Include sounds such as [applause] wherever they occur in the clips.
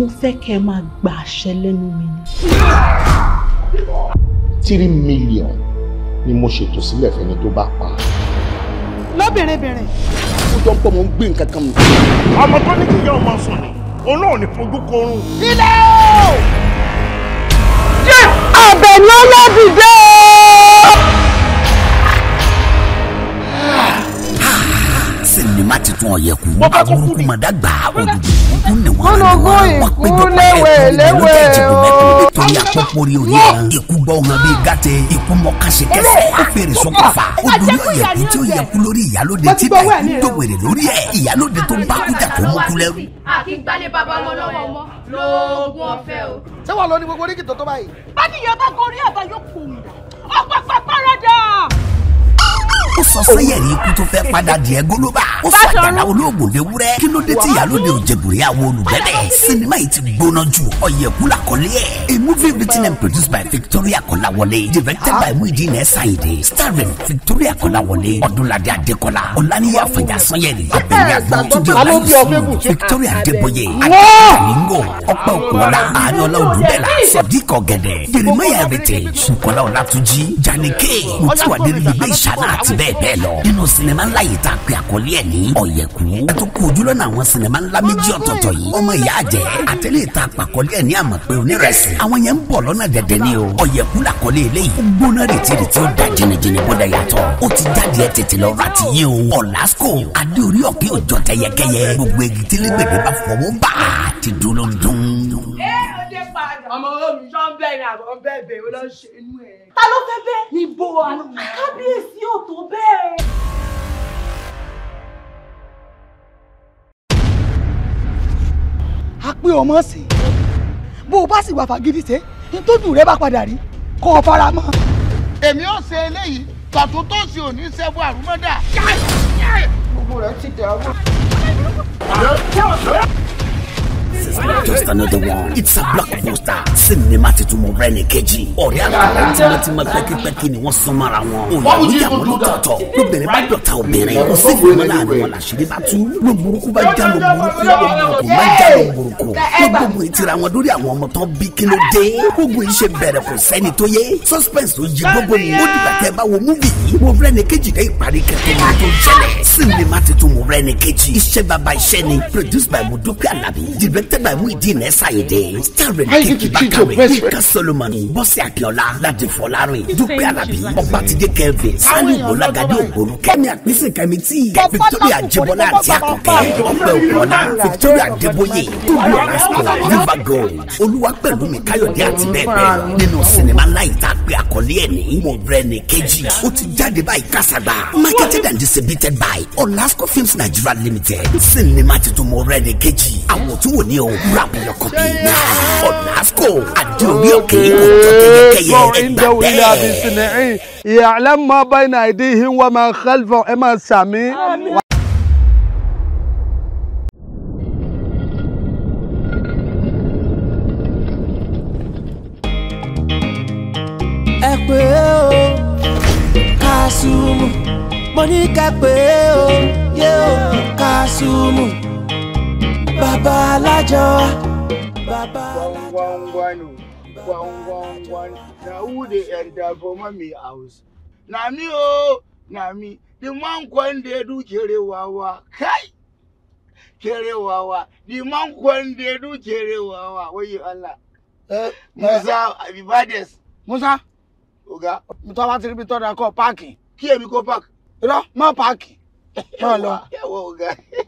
mo fẹ́ kẹ́ ẹ máa gba àṣẹ lẹ́nu mi ni. three million ni mo ṣètò sílẹ̀ fẹ́ni tó bá pa. lọ́bìnrinbìnrin. ó jọ ń pọ̀ mọ́ ń gbé nǹkan kan mi. ọmọ tó ní kí ìyá ọmọ sùn ni òun náà ní fojú korun. ilé o. jẹ́ Àbẹ̀ní Ọládìde. má ti tún ọ̀yẹ̀ kú awúrúkú mọ̀ dàgbà òdùdù kú ni wọ́n rán wọn wọ́n péjọ pẹ́ẹ́lẹ́ lọ́jọ́ ìdìbò mẹ́kúndé torí àpọ́pọ́rí oníran ikú gbọ́ wọn bíi gàtẹ ikú mọ kásẹ̀kẹsẹ̀ ó fèrè sọ́kọ̀fà ó dorí ọ̀yẹ̀ tí ó yẹ kú lórí ìyálóde tí bá ikú tó wèrè lórí ẹ̀ ìyálóde tó bá kújà tó mú kú lẹ́rú. àkíngbálẹ̀ bàbá lọ́wọ́ ọmọ lóògùn ọ̀fẹ́ o. ṣé wàá lọ ní gbogbo oríkì tó tó báyìí. bá sọ sẹ́yẹ̀rì ikú tó fẹ́ padà dìẹ́ gólóbà ó sọ àjàlá olóògùn léwúrẹ́ kí ló dé tí ìyálóde òjẹ̀bùrẹ́ àwọn olùgbẹ́dẹ̀ sinimá yìí ti gbóná ju ọ̀yẹ̀kú làkọ́lé ẹ̀ a movie written and produced by Victoria Kọ́láwọlé directed by Muideen Ẹ̀sáyìndé starring Victoria Kọ́láwọlé Ọdúnládé Adékọ́lá Ọláníyà Fàjà Sanyẹ̀rì Abẹ̀mí Agbọ́ntúndé Ọláníyà Victoria Adébóyè Adéyẹ̀míngò Ọpẹ́ Òkúọlá Àánúọlá Odùbẹ̀lá Sọ̀díkà Ọ̀gẹ̀dẹ̀ Jeremiah Heritage Bukola Ọlátúnjí Janike Mutuwa Adébíyẹ Ìṣáná àti bẹ́ẹ̀ bẹ́ẹ̀ lọ nínú sinimá ńlá yìí tá a pè àkọlé ẹ̀ ní ọ̀yẹ̀kú ẹ tó kú ojú lọ́nà àwọn sinimá ńlá méjì ọ̀tọ̀ọ̀tọ̀ yìí ọmọ ìyá àjẹ́ àtẹlẹ́ ìta àpàkọlé ẹ̀ ní àmọ̀pé onírẹ̀sì àwọn yẹn ń bọ̀ lọ́nà dẹ̀dẹ̀ ni o ọ̀yẹ̀kú làkọlé eléyìí ó gbóná rètírètí ó da jìnnìjìnnì bó da yàtọ̀ ó ti jáde ẹ tètè lọ rántí yé o ọ̀làsíkò adé orí ọ̀kẹ́ òjọ tẹyẹkẹyẹ gbogbo egi tí lẹ́gbẹ̀dẹ̀ bá fọwọ́ bá ti dúró dún ọmọ omi ṣọ́ ń bẹ̀rẹ̀ àbọ̀ ń bẹ̀bẹ̀ ó lọ ṣe inú ẹ̀. ta ló fẹ́ bẹ́ẹ̀. níbo kábíyèsí ò tó bẹ́ẹ̀. a pé ọmọ sí bó o bá sì wà fàgídí ṣe nítòjú rẹ bá padà rí kó o fara mọ́. èmi ò ṣe eléyìí tọ̀tún tó sì ò ní sẹ́gun àrùmọ́dà. gbogbo rẹ̀ ti dẹ̀ is not just another one. It's a blockbuster. Sinimá ti tún mọ rẹ́ ní kejì. Ọ̀rẹ́ àtàwọn tímọ́tímọ́ pẹ́kípẹ́kí ni wọ́n sún mọ́ra wọn. Òyà níyàwó ló tọ̀tọ̀. Lóbìnrin bá dọ̀tà obìnrin. Kò sí ìgbìmọ̀ láàrin wọn làṣírí bá tú. Ló burúkú bá já ló burúkú. Ló burúkú má já ló burúkú. Gbogbo ìtira wọn lórí àwọn ọmọ tán bí kí ló dé. Gbogbo iṣẹ́ bẹ̀rẹ̀ kò sẹ́ni tó yé. Suspense tó yí gbogbo ni. Ó dìgbà tẹ́ bá wo múvì yìí. Mo rẹ́ ní kejì dé ìparí kẹ́kẹ́ tó ṣẹlẹ̀. Sinimá ti tún mo rẹ́ ní kejì. Iṣẹ́ baba iṣẹ́ ni. Produced by Mudoke Alabi. Directed directed by muhideen ẹsàyèdè starring kéèkì bákàrè bíkà solomon bọ́sẹ̀ akíọ́lá ládé fọlárin dúpẹ́ alábí ọbátidé kevin sani ìbòlágadé ògbónú kẹ́mi àpínsìn kẹ́mi victoria jẹbọlá àti akọ̀kẹ́ ọ̀pẹ òkúọ̀lá victoria débóyè tóbi ọ̀làsìkò viva gold olúwa pẹ̀lú mi káyọ̀dé àti bẹ́ẹ̀ bẹ́ẹ̀ nínú sinimá láì tá a pè àkọlé ẹ̀ ní mo marketed and distributed by olasco films nigeria limited sinimá titun mo rẹ̀ ní kejì o ọlọ́run rábì ọkọ̀ bíi náà ọ̀nà àfkò àdé òkè òjò kẹyẹkẹyẹ ẹgbà bẹ́ẹ̀. ìyàlẹ́ mọ báyìí náà ìdí ìhìn o Kasumu o yé o bàbá alájọ baba. alájọ. one one one one one na who dey enter goma me house na me o na mi. Di man kwan dey do kere wawa kai kere wawa Di man kwan dey do kere wawa oye allah eh, musa eh. abibades musa Oga. mi tọ́ bá ti rí mi tọ́ da kọ́ park. Lo, ma kó páàkì. irọ́ má páàkì.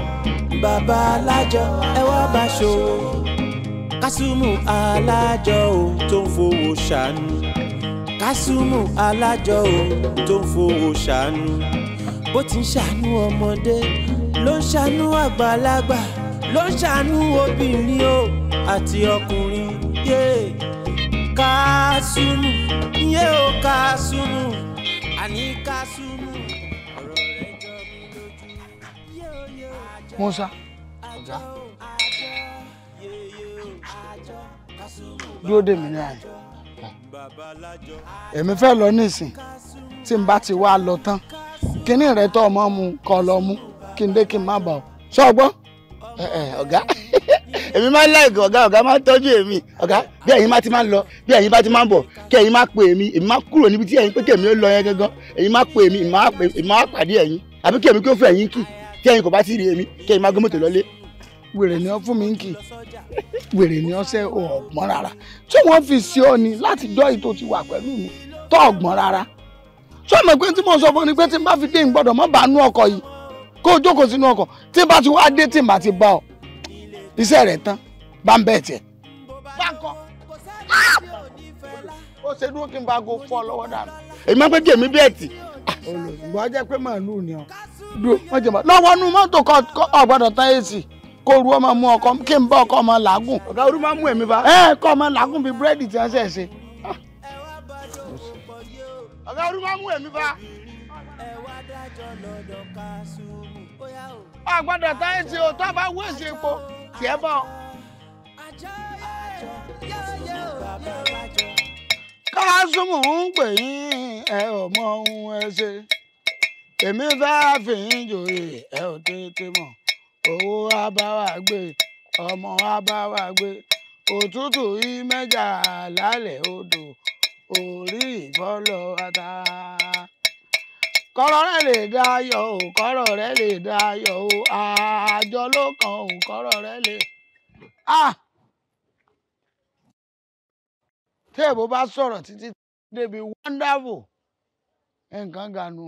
bàbá alájọ ẹ wá bá ṣòwò kásùmù alájọ o tó ń fowó ṣàánú kásùmù alájọ o tó ń fowó ṣàánú bó ti ń ṣàánú ọmọdé ló ń ṣàánú àgbàlagbà ló ń ṣàánú obìnrin o àti ọkùnrin yé kásùmù yé o kásùmù àní kásùmù. Musa ọ̀gá dúró dè mí náà ni èmi fẹ́ lọ nísìn tí n bá ti wá lọ tán kíní rẹ tó ọmọ mu kọ lọ mú kí n dé kí n má bà ọ sọ ọgbọ́n ọ̀gá [laughs] èmi máa ń láìkọ ọ̀gá ọ̀gá máa ń tọ́jú èmi ọ̀gá bí ẹ̀yin máa ti máa ń lọ bí ẹ̀yin bá ti máa ń bọ̀ kí ẹ̀yin máa pè èmi èmi máa kúrò níbi tí ẹ̀yin pé kèmi ó lọ yẹn gangan ẹ̀yin máa pè èmi èmi máa pàdé ẹ̀yin àbí kèmi kí ó fẹ́ ẹ̀yin kì í tí ẹ̀yin kò bá sì rí èmi kí ẹ̀yin máa gbé mọ́tò lọ́lé. wèrè ni wọn fún mi ń kì wèrè ni wọn ṣe ọgbọ́n rárá tí wọ́n fi sí ọ ni láti dọ́ èyí tó ti wà pẹ̀lú mi tó ọgbọ́n rárá tí wọ́n mọ̀ pé tí mo sọ fún ni pé tí n bá fi dé ìgbọ́dọ̀ mọ́ bá nú ọkọ̀ yìí kó o jókòó sínú ọkọ̀ tí n bá ti wá dé tí n bá ti bá ọ iṣẹ́ rẹ̀ tán bá ń bẹ̀ tiẹ̀. báńkọ́ ó ṣe dúró kí n bá go fọ́ lọ́wọ́ dànù. èmi máa ń pẹ́ kí èmi bẹ́ẹ̀ tì. olùgbọ́ jẹ́ pé màálù ni ọ dúró wọ́n jẹ̀ mọ́ lọ́wọ́ nu mọ́tò kọ́ ọ̀gbọ́dọ̀ tán èsì kó ru ọmọ mú ọkọ kí n bá ọkọ ọmọ làágùn. ọ̀gá orú máa ń mú ẹ̀mí bá. ẹ kọ́ ọmọ làágùn bíi búrẹ́dì tí wọ́n ṣẹ̀ ṣe. Ah. ọ̀gá orú máa ń mú ẹ̀mí bá. ọ̀gbọ́dọ̀ tán èsì ò tó bá wú èsì epo kì í bọ̀. káwá súnmù ń pè yín ẹ ò mọ ohun ẹ ṣe èmi fẹ́ fìyín joyè ẹ ò tètè mọ̀ owó abáwá gbé ọmọ abáwá gbé òtútù yìí mẹ́jà lálẹ́ odò orí ìbọ́lọ̀ ata. kọ́rọ̀ rẹ̀ lè dá yọ̀ o kọ́rọ̀ rẹ̀ lè dá yọ̀ o àjọ ló kàn o kọ́rọ̀ rẹ̀ lè. téèbù bá sọ̀rọ̀ títí débi wonderful nǹkan ganu.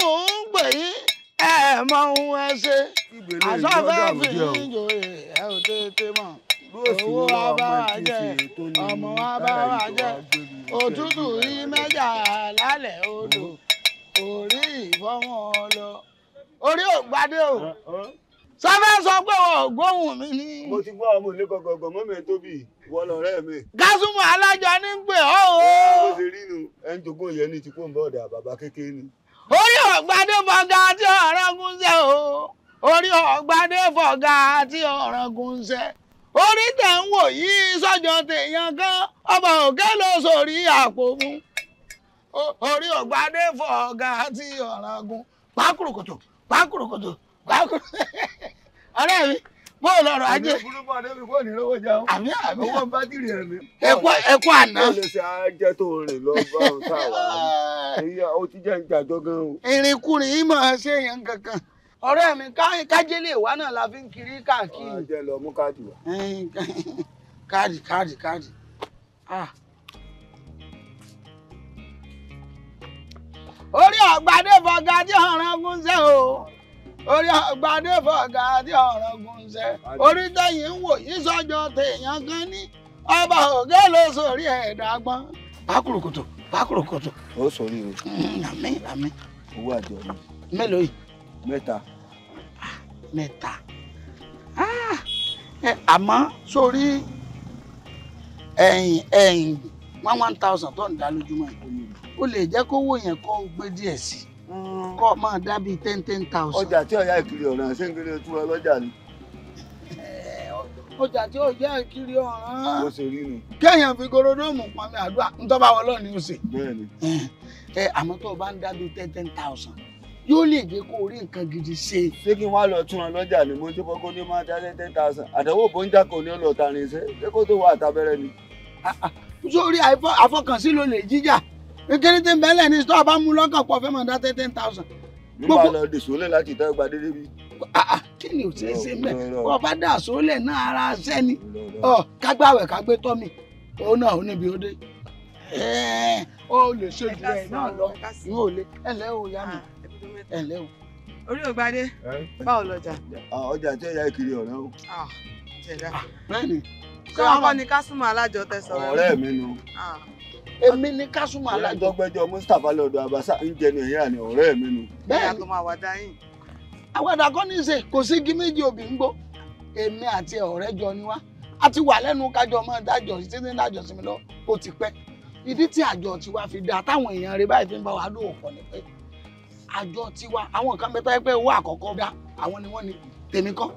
mò ń pè yín ẹ mọ ohun ẹ ṣe àsọfẹ́ fi yíyọ ẹ ò tètè mọ̀ owó wa bá wa jẹ ọmọ wa bá wa jẹ òtútù rí mẹ́jà lálẹ́ odò orí ìfọ́mọ́ lọ orí ò o sáfẹ́ sọ pé ọ̀gbọ́hùn mi ni. mo ti gbọ́ ọmọ ilé gọgọgọ mọ́mí ẹ̀ tóbi wọ lọ́rẹ́ mi. gásùmọ̀ alájọ ní pè ọ́ o. bó ṣe rí nu ẹni tó gún ìyẹn ní ti kó ń bọ̀dà bàbá kékeré ni. orí ọ̀gbadé fọ̀gá tí ọ̀rọ̀ gúnṣẹ́ o orí ọ̀gbadé fọ̀gá tí ọ̀rọ̀ gúnṣẹ́ orí tẹ̀ ń wò yìí sọ́jọ́ tèèyàn kan ọmọ òkè ló sórí àpò fún orí ọ̀gbadé fọ̀gá tí ọ̀rọ̀ gún pákúròkòtò pákúròkòtò pákúrò [laughs] ọ̀rẹ́ mi. bó lọrọ ajé. àmì àmì owó bátìrì ẹ̀mí. ẹ̀kọ́ àná. ó lè ṣe ajẹ́ tó rìn lọ bá òun tá [laughs] ó ti jẹ́ ìgbàjọ́ gan o. ìrìnkúrìn yìí máa ṣe èèyàn kankan. ọ̀rẹ́ mi kájé lè náà la fi ń kiri káàkiri. ọ̀jẹ̀ lọ mú káàdì wá. [laughs] káàdì káàdì káàdì. Ah. orí ọ̀gbádé fọ̀gá tí orí àgbàdéfọ̀gà àti ọ̀rọ̀ gùnṣẹ́ orí tẹ̀yìn ń wò yìí sọ́jọ́ tèèyàn kan ní ọba ògé ló sórí ẹ̀dá gbọ́n. bákùrùkùtù bákùrùkùtù. ó sórí o. Mm, àmín àmín. owó àjọ ni. mélòó yìí. mẹ́ta. Ah, mẹ́ta. Ah, àmọ́ sórí ẹ̀yìn ẹ̀yìn one one thousand tó ń dá lójúmọ́ yìí o lè jẹ́ kówó yẹn kó gbé díẹ̀ sí i. kọ́ máa dábì ten ten thousand. ọjà tí ọ̀yá ìkiri ọ̀ràn ṣé ń kiri ojú ọlọ́jà ni. Eh, ọjà tí ọ̀yá ìkiri ọ̀ràn. ó ṣe rí ni. kéèyàn fi gorodomu pọnmi àdúrà ntọ́ba wọn lọ́ọ̀ni ó ṣe. ẹ eh, eh, àmọ́ tó o bá ń dábì ten ten thousand yóò lè jẹ́ kó o rí nǹkan gidi ṣe. ṣé kí wọ́n á lọ tún ọ lọ́jà ni mo ń jẹ́pọ̀ kó ní máa dá ten ten thousand àdánwò bóńjà kò ní ọlọ́ọ̀ta rìn ṣe ṣé kó tó wà àtàbẹ̀rẹ̀ ni. Ah, ah, sórí àfọkànsí ló lè jíjà kékeré tí ń bẹ́lẹ̀ ní sọ́ọ̀ bá mú lọ́kàn pọ̀ fẹ́ mọ̀ dá tẹ́ ten thousand. nígbà lọ dè sólẹ̀ láti ìta gba dédé bí. Ah, ah, kí ni ò ṣe é ṣe mẹ́ wọ́n bá dà sólẹ̀ náà ara ṣẹ́ ni kágbáwẹ̀ kágbé tọ́ mi òun náà ò níbi ó dé. ó lè ṣe jù ẹ̀ náà lọ n ò lè ẹ̀ o yá mi ah, ẹ̀ lẹ́ o. orí ògbádé báwo lọjà. ọjà tí ó yá kiri ọ̀rẹ́ o. bẹ́ẹ̀ ni. sọ ọkọ ni kásùmọ̀ alájọ tẹ̀sán. ọ̀rẹ́ èmi ni kásùmọ̀ alájọ. ìyàgbọ́gbẹ́jọ Mustapha lọ́dọ̀ abasa ń jẹnu ẹ̀yìn àná ọ̀rẹ́ mi nu. bẹ́ẹ̀ ni àwàdà kọ́ ní í ṣe kò sí igi méjì òbí ń gbó èmi àti ọ̀rẹ́ jọ ni wá a ti wà lẹ́nu kájọ máa dájọ́ títí dájọ́ sí mi lọ ó ti pẹ́ ìdí tí àjọ tiwa fi dáa táwọn èèyàn rẹ báyìí fi ń bá wa lò pọ̀ ni pé àjọ tiwa àwọn kan bẹ tọ́jú pé owó àkọ́kọ́ dá àwọn ni wọ́n ni tèmi kọ́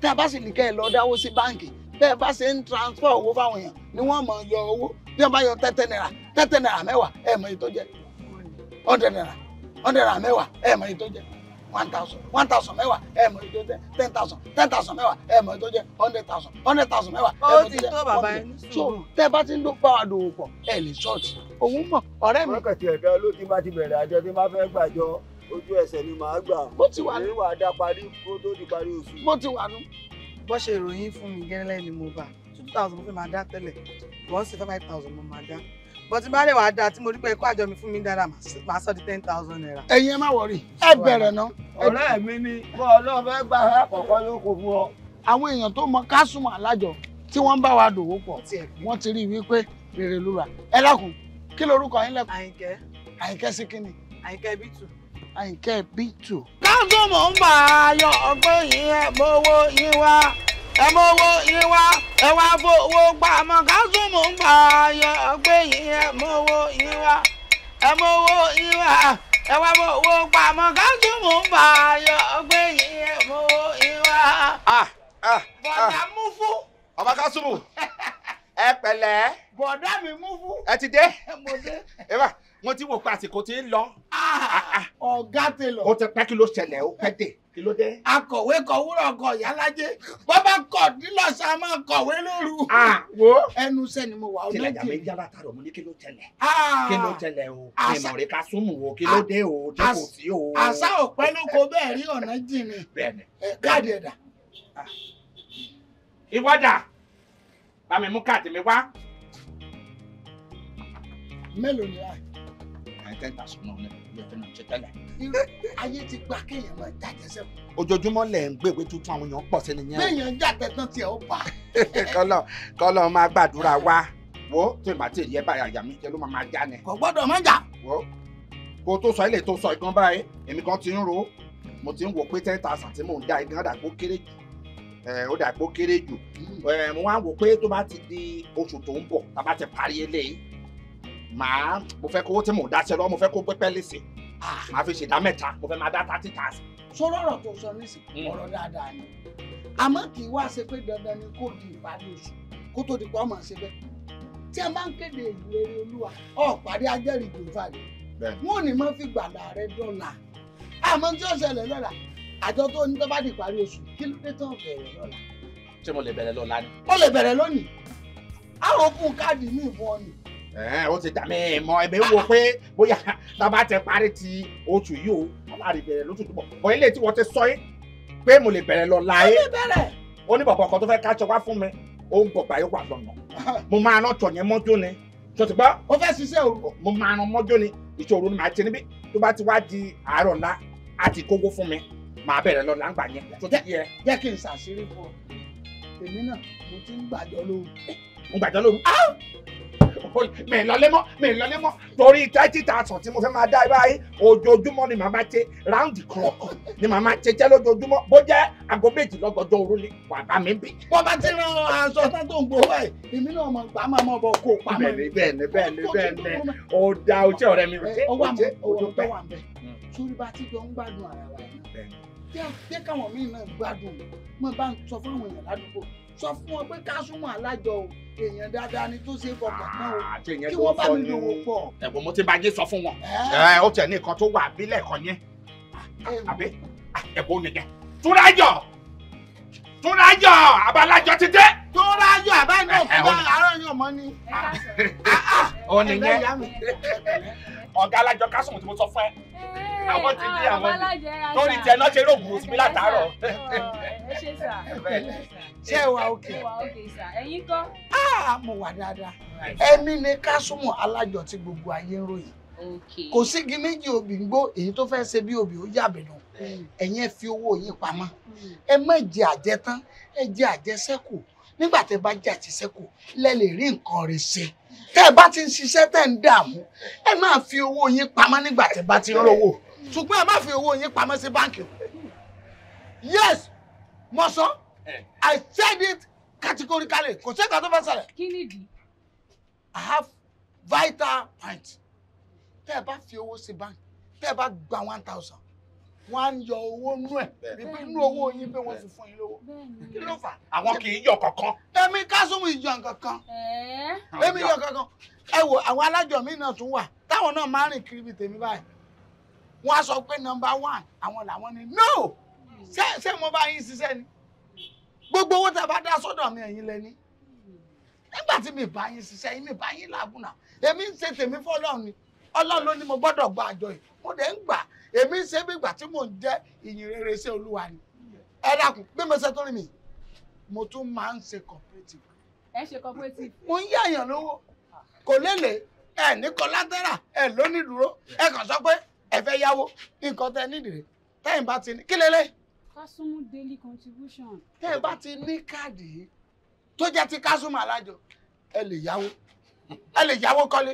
tá a bá sì ní kẹ́ ẹ lọ dáwó sí báǹkì bẹ́ẹ̀ bá ṣe ń transfer owó fáwọn èèyàn ni wọ́n mọ̀ yọ owó bí wọ́n bá yọ tẹ́tẹ́ náírà tẹ́tẹ́ náírà mẹ́wàá ẹ̀ mọ̀ èyí tó jẹ́ hundred naira hundred naira mẹ́wàá ẹ̀ mọ̀ èyí tó jẹ́ one thousand one thousand mẹ́wàá ẹ̀ mọ̀ èyí tó jẹ́ ten thousand ten thousand mẹ́wàá ẹ̀ mọ̀ èyí tó jẹ́ hundred thousand hundred thousand mẹ́wàá ẹ̀ mọ̀ èyí tó jẹ́ one million so tẹ́ bá ti ń dó báwa dòwò pọ̀ ẹ̀ lè ṣọ́ọ̀tì òun mọ̀ ọ̀rẹ́ mi. wọ́n kàn ti ẹ̀dá olóòtú bá ti bẹ̀rẹ̀ àjọ tí máa fẹ́ gbàjọ ojú ẹsẹ̀ ni màá gbà. bó ti wà ní. èyí wà á dá parí kó tó di parí oṣù. bó ti wà ní bọ́ ṣe ìròyìn fún mi gẹ́rẹ́lẹ́ ni mo bá two thousand mo fẹ́ máa dá tẹ́lẹ̀ wọ́n sì five thousand mo máa dá bọ́n ti bá lè wàá dáa tí mo rí pé àjọ mi fún mi dára màá sọ di ten thousand naira. ẹ̀yin ẹ má wọrí ẹ bẹ̀rẹ̀ ná. ọ̀rẹ́ mi ni bọ́ ọlọ́run fẹ́ gbà àkọ́kọ́ ló kò fún ọ. àwọn èèyàn tó mọ kásùmọ̀ alájọ tí wọ́n ń bá wa dòwò pọ̀ wọ́n ti rí i wípé rere lura ẹ kí lorúkọ yín lẹ́kọ̀ọ́. àyìnkẹ́ àyìnkẹ́ sí kínni. àyìnkẹ́ bítù àyìnkẹ́ bìtù. káńgó mò ń bà á yọ ọgbọ́n yìí ẹ mowó yín wá ẹ mowó yín wá ẹ wá fowó gbà mọ́ mò ń bà á yọ ọgbọ́n yìí ẹ mowó yín wá ẹ mowó yín wá ẹ wá fowó gbà mọ́ mò ń bà á yọ ọgbọ́n yìí ẹ mowó yín wá. Ah, ah, bọ̀dà ah. mú fún. ọba kásùmù ẹ pẹ̀lẹ́. bọ̀dà mi mú fún. ẹ ti dé. mo dé. ẹ bá wọ́n ti wò pé àsìkò ti ń lọ. Ah! ọ̀gá ti lọ. o ti pẹ́ kí ló ṣẹlẹ̀ o pẹ́ dé kí ló dé. akọ̀wé kọ̀wúrọ̀ ọkọ̀ ìyálájé bọ́bá kọ̀ nílọ́sà máa kọ̀wé lóru. wo ẹnu sẹ́ni mo wà ó lókè. tìlẹ̀jà mi jára tààrọ̀ mo ní kí ló tẹ̀lẹ̀. kí ló tẹ̀lẹ̀ o ìmọ̀ rẹ̀ ká súnmù o kí ló dé o tí kò sí o. àṣà òpẹ́ ló kó bẹ́ẹ̀ rí ọ̀nà jìnnì. bẹ́ẹ̀ni káàdì ẹ̀dà. ìwádà bá mú káàdì mi wá. mélòó ni wáyé àwọn tẹ́ǹtà sọ́nà ọ̀nà ìlú ẹ̀fẹ́ náà ṣe tẹ́lẹ̀. ayé ti gba kéèyàn máa jáde sẹ́kù. ojoojúmọ́ lẹ̀ ń gbègbè tuntun àwọn èèyàn pọ̀ sí ni yẹn. béèyàn jáde tiẹ̀ ó bà. [laughs] kọ́lọ̀ kọ́lọ̀ máa gbàdúrà wa wo tó ìbá tí ẹ bá àyà mi jẹ ló máa já ni. kò gbọ́dọ̀ má jà. wo kó tó sọ ilé tó sọ ìkan báyìí èmi kan ti ń ro mo ti ń wò pé ten thousand tí mò ń dá igan dàgbó kéré jù ó dàgbó kéré jù hmm. mo wá wò pé tó bá ti di oṣù tó ń bọ̀ tá a bá ti parí eléyìí Ma, mo fẹ́ kó tí mò ń dáṣẹ́ lọ́wọ́ mo fẹ́ kó pẹ́pẹ́ lèsè màá fi ṣèdá mẹ́ta mo fẹ́ máa dá thirty thousand. sọ̀rọ̀ ọ̀rọ̀ tó sọ nísìnyí hmm. ọ̀rọ̀ dáadáa ni àmọ́ kì í wá ṣe pé dandan ni kò di ìpàdé oṣù kó tó di pa ọmọ ṣe bẹ́ẹ̀ tí a máa ń kéde ìlérí olúwa ọ̀pàdé ajẹ́rìí ìgbò fàdé wọn ò ní máa fi gbàdá rẹ dọ́là àmọ́ tí ó ṣẹlẹ̀ lọ́la àjọ tó ní tó bá di ìparí oṣù kí ló dé tán bẹ̀rẹ̀ lọ́la. ṣé mo lè bẹ̀rẹ̀ lọ́la ni. ó lè bẹ̀rẹ̀ lónìí àròkùn káàdì ní ìbọn ni ó ti dà mọ ẹ̀mí wo pé bóyá tábà tẹ parí ti oṣù yìí o aláàrí bẹ̀rẹ̀ lóṣù tó bọ̀ bọ̀ ilé tí wọ́n ti sọ yín pé mo lè bẹ̀rẹ̀ lọ láyé ó ní bọ̀bọ̀ kan tó fẹ́ káṣọ wá fún mi ó ń gbọ̀gbà yóò wà lọ́nà [laughs] mo máa ná tọ̀ yẹn ni ṣọ̀tìgbọ́ ó fẹ́ ṣiṣẹ́ o mo máa ná mọ́jọ́ ni ìṣòro ni màá ti níbí tó bá ti wá di àárọ̀ ńlá àti kókó fún mi màá bẹ̀rẹ̀ lọ láǹgbà yẹn tó tẹ̀ yẹ. jẹ́ kí n ṣàṣírí fún ọ èmi náà mo ti ń gbàjọ lóru. ń gbàjọ lóru. Ah! kọ̀kọ́ yìí mi ìlọlé mọ́ mi ìlọlé mọ́ torí thirty thousand tí mo fẹ́ máa dá ẹ báyìí ojoojúmọ́ ni màmá ṣe round the clock ni màmá ṣe jẹ́ lójoojúmọ́ bó jẹ́ aago méjì lọ́gọ́jọ́ òru ni wà bá mi bì. wọ́n bá ti rán aṣọ tó ń gbó báyìí èmi náà mọ̀ gbà máa mọ̀ bọ̀ kó o pamọ́. bẹ́ẹ̀ni bẹ́ẹ̀ni bẹ́ẹ̀ni bẹ́ẹ̀ni ó da ojú ọ̀rẹ́ mi ojú ojú pẹ́. sórí bá ti jọ sọ fún wọn pé ká súnmọ́ alájọ o èèyàn dáadáa ni tó ṣe fọkàn tán o ah, kí wọ́n bá mi lòwò pọ̀. ẹ̀bùn mo ti bá yé sọ fún wọn. ẹ ó tẹ̀ ní nǹkan tó wà bílẹ̀ kan yẹn àbí ah, ẹ̀bùn nìkẹ́ túnrájọ túnrájọ abalájọ ti dé. túnrájọ àbáyọ fún wa àárọ̀ yàn mọ́ ni. Ah, ó nìyẹn ọ̀gá alájọ kásùn tí mo sọ fún ẹ eh, àwọn ti dé ah, àwọn ti torí tiẹ̀ náà ṣe rògùn òsì mi látàárọ̀. [laughs] ṣé ẹ wà òkè. ẹ̀yin kọ́. Ah, mo wà dáadáa ẹ̀mí ni kásùmù alájọ tí gbogbo ayé ròyìn kò sígi méjì obì ń gbó èyí tó fẹ́ ṣe bí obì ó yàbẹ̀nù hmm. ẹ̀yin ẹ fi owó yín pamọ́ hmm. ẹ má jẹ àjẹtán ẹ jẹ àjẹsẹ́kù nígbà tẹ bá jẹ àjẹsẹ́kù lẹ lè rí nǹkan rẹ̀ ṣe tẹ́ bá ti ń ṣiṣẹ́ tẹ́ ń dààmú ẹ máa fi owó yín pamọ́ nígbà tẹ́ bá ti rówó ṣùgbọ́n ẹ má fi owó yín pamọ́ sí báǹkì yes mo sọ i said it categorically kò sí ẹ̀ka tó fẹ́ ṣẹlẹ̀. kí ni ìdí. i have vital point tẹ́ ẹ bá fi owó sí báǹkì tẹ́ ẹ bá gba one thousand wọn á ń yọ owó nú ẹ wípé inú owó yín pé wọn ti fún yín lówó kí ló fà. àwọn kì í yọ kankan. èmi kásùmù ìjọ kankan èmi yọ kankan ẹ wo àwọn alájọ mi náà tún wà táwọn náà máa ń rìn kiri bí tèmi báyìí wọn á sọ pé nọ́mbà one àwọn làwọn ni no ṣé mo bá yín ṣiṣẹ́ ni gbogbo owó tá a bá dá sọ́dọ̀ mi ẹ̀yin lẹ́ni nígbà tí mi bá yín ṣiṣẹ́ yín mi bá yín làágùnà èmi ń ṣe tèmi fọ́lọ́run ni ọlọ́run ló ní mo gbọ́dọ̀ gba àjọ yìí mo dẹ̀ ń gbà èmi ṣe bí ìgbà tí mò ń jẹ́ ìyìn rere sí olúwa ni ẹ dákun bí mo ṣe tó rí mi mo tún máa ń ṣe cooperative. ẹ ṣe cooperative. mo ń yàyàn lówó kò lélẹ̀ ẹ ní kọlátẹ́rà ẹ lónídùúró ẹ kàn sọ pé ẹ fẹ́ yáwó nǹkan tẹ nídìrí tẹ́yìn bá ti ní kí lélẹ̀. kásùmù daily contribution. tẹ́yìn bá ti ní káàdì yìí tó jẹ́ ti kásùmù alájọ ẹ lè yáwó ẹ lè yáwó kọ́lé.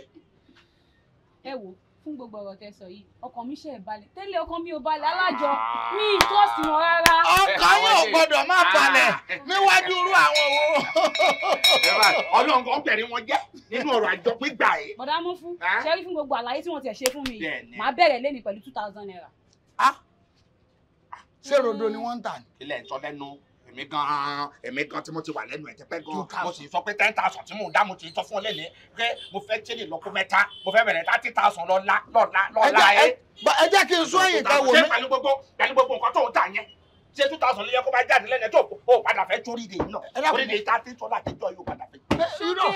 ẹ wo fún gbogbo ọ̀rọ̀ tẹ sọ yìí ọkàn mi ṣe é balẹ̀ tẹ́lẹ̀ ọkàn mi ò balẹ̀ alájọ ah. mi ì trust wọn rárá. ọkàn yóò gbọ́dọ̀ má balẹ̀ níwájú irú àwọn owó. [laughs] ọlọ́run kan tẹ̀lé wọn jẹ́ nínú ọ̀rọ̀ àjọ gbígbà yìí. bọ̀dá mú fún ah. ṣẹ́rí fún gbogbo àlàyé tí wọ́n tiẹ̀ ṣe fún mi yìí màá bẹ̀rẹ̀ lé ní pẹ̀lú two thousand naira. Ah. ṣé rodo ni wọ́n ń tà ní. ilé ìtọ́lẹ́nu èmi gan èmi gan tí mo ti wà lẹ́nu ẹ̀ tẹ́pẹ́ gan mo sì sọ pé ten thousand tí mò ń dá mo ti sọ fún ọ lẹ́lẹ́ pé mo fẹ́ chélè lọ́kọ mẹ́ta mo fẹ́ bẹ̀rẹ̀ thirty thousand lọ́la lọ́la lọ́la ẹ. ẹ jẹ́ kí n sún ẹ̀yìn ká wò mí. ṣé pẹ̀lú gbogbo pẹ̀lú gbogbo nǹkan tó ń tà yẹn ṣé two thousand ló yẹ kó máa jáde lẹ́nu tó o padà fẹ́ torí de iná torí de ta ti sọ́lá yóò padà fẹ́. irọ́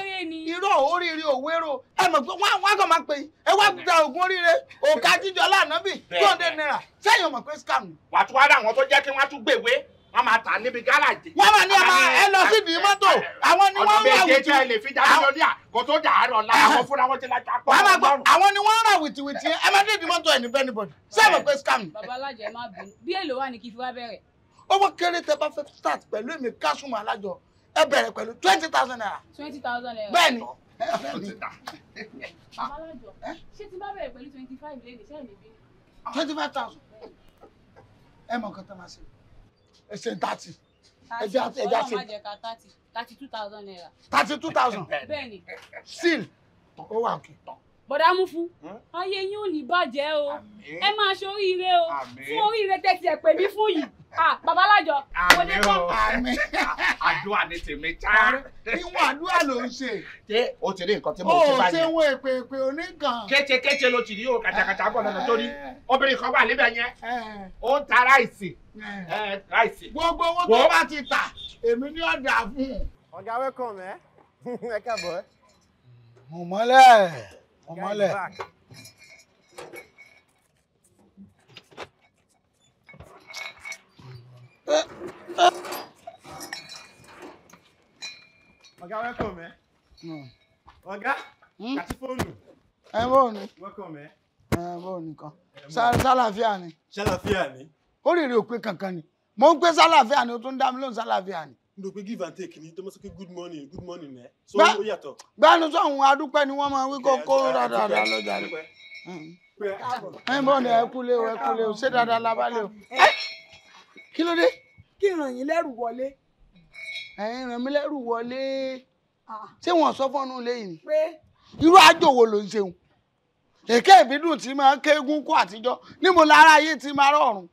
irọ́ oríire òwérò ẹ mọ̀ pé wọ́n wá kàn máa pè é wá gba oògùn oríire òkà jíjọ lánàá bì two hundred naira sẹ́yìn ọmọ pé scam. wàá tún wá rà àwọn tó jẹ́ kí wọ́n á tún gbèwé wọ́n máa tà níbi gáràjì. wọ́n máa ní ẹ máa ẹ lọ sí ìdí mọ́tò àwọn ni wọ́n ń ra wìtì. ọ̀nà lè fi dá mílíọ̀nì à kó tó dàárọ̀ la àwọn fúnra wọn ti lajà pọ̀ lọ́rùn. àwọn ni wọ́n ń ra wìtì wìtì ẹ máa dé ìdí mọ́tò ẹ̀ bẹ́ẹ̀ níbọ̀dì sí ẹ̀ mọ̀ pé scam ni. babalájẹ má bínú bí èlò wà ní kí fi wá bẹ̀rẹ̀. owó kéré tẹ bá fẹ́ start pẹ̀lú èmi kásùmọ̀ ẹsẹ̀ thirty ẹja ẹja ṣe thirty two thousand naira. thirty two thousand bẹ́ẹ̀ni seal ó wà òkè tán bọ̀dá mufu hm? ayé yín ò ní bàjẹ́ o ẹ máa ṣoríire o fún oríire tẹ̀sí ẹ̀ pè mí fún yìí [laughs] babalájọ mo ní kọ́. [laughs] àdúrà ní tèmi tá. ìwọ àdúrà ló ń ṣe. ṣé o ti rí nǹkan tí mo ṣe báyìí. o ṣe wọn èpè èpè oníkan. kétékété ló ti rí o kàtàkàtà bọ̀ lọ́nà tó rí eh. obìnrin kan wà níbẹ̀ yẹn eh. ó ń ta ráìsì. Eh. gbogbo owó tó bá ti tà èmi ní ọ̀dà fún un. ọ̀gá welcome ẹ [laughs] ẹ káàbọ̀ ẹ. mọ̀mọ́lẹ̀. Ọmọlẹ̀. Ọ̀gá welcome ẹ. Eh? Ọ̀gá é hmm? fóònù. Ẹ fóònù. Welcome eh? ẹ. Ẹ fóònù kan. Sálàfíà ni. Sálàfíà ni. Ó rèrè que é que é ń pé que é o tún dá mi lóhùn sálàfíà ni mo pe give and take ni tó mọ́ sọ pé good morning good morning ẹ̀ so ó yàtọ̀. gbẹ́nu sọ̀hún adúpẹ́ ni wọ́n máa wí kó kó dáadáa lọ́jà rẹ̀. ẹ hmm. bọ́ ni ẹ kúlé o ẹ kúlé o ṣé dáadáa la bá lè o. Eh, kí ló dé. kí ràn yín lẹ́rù wọlé. ẹ̀yin ràn mí lẹ́rù wọlé ṣé wọ́n sọ fọ́nù lẹ́yìn ni. irú àjò wo ló ń ṣeun èké ìbídùn tí máa ń ké egúnkún àtijọ́ níbo lára ayé ti máa rọrùn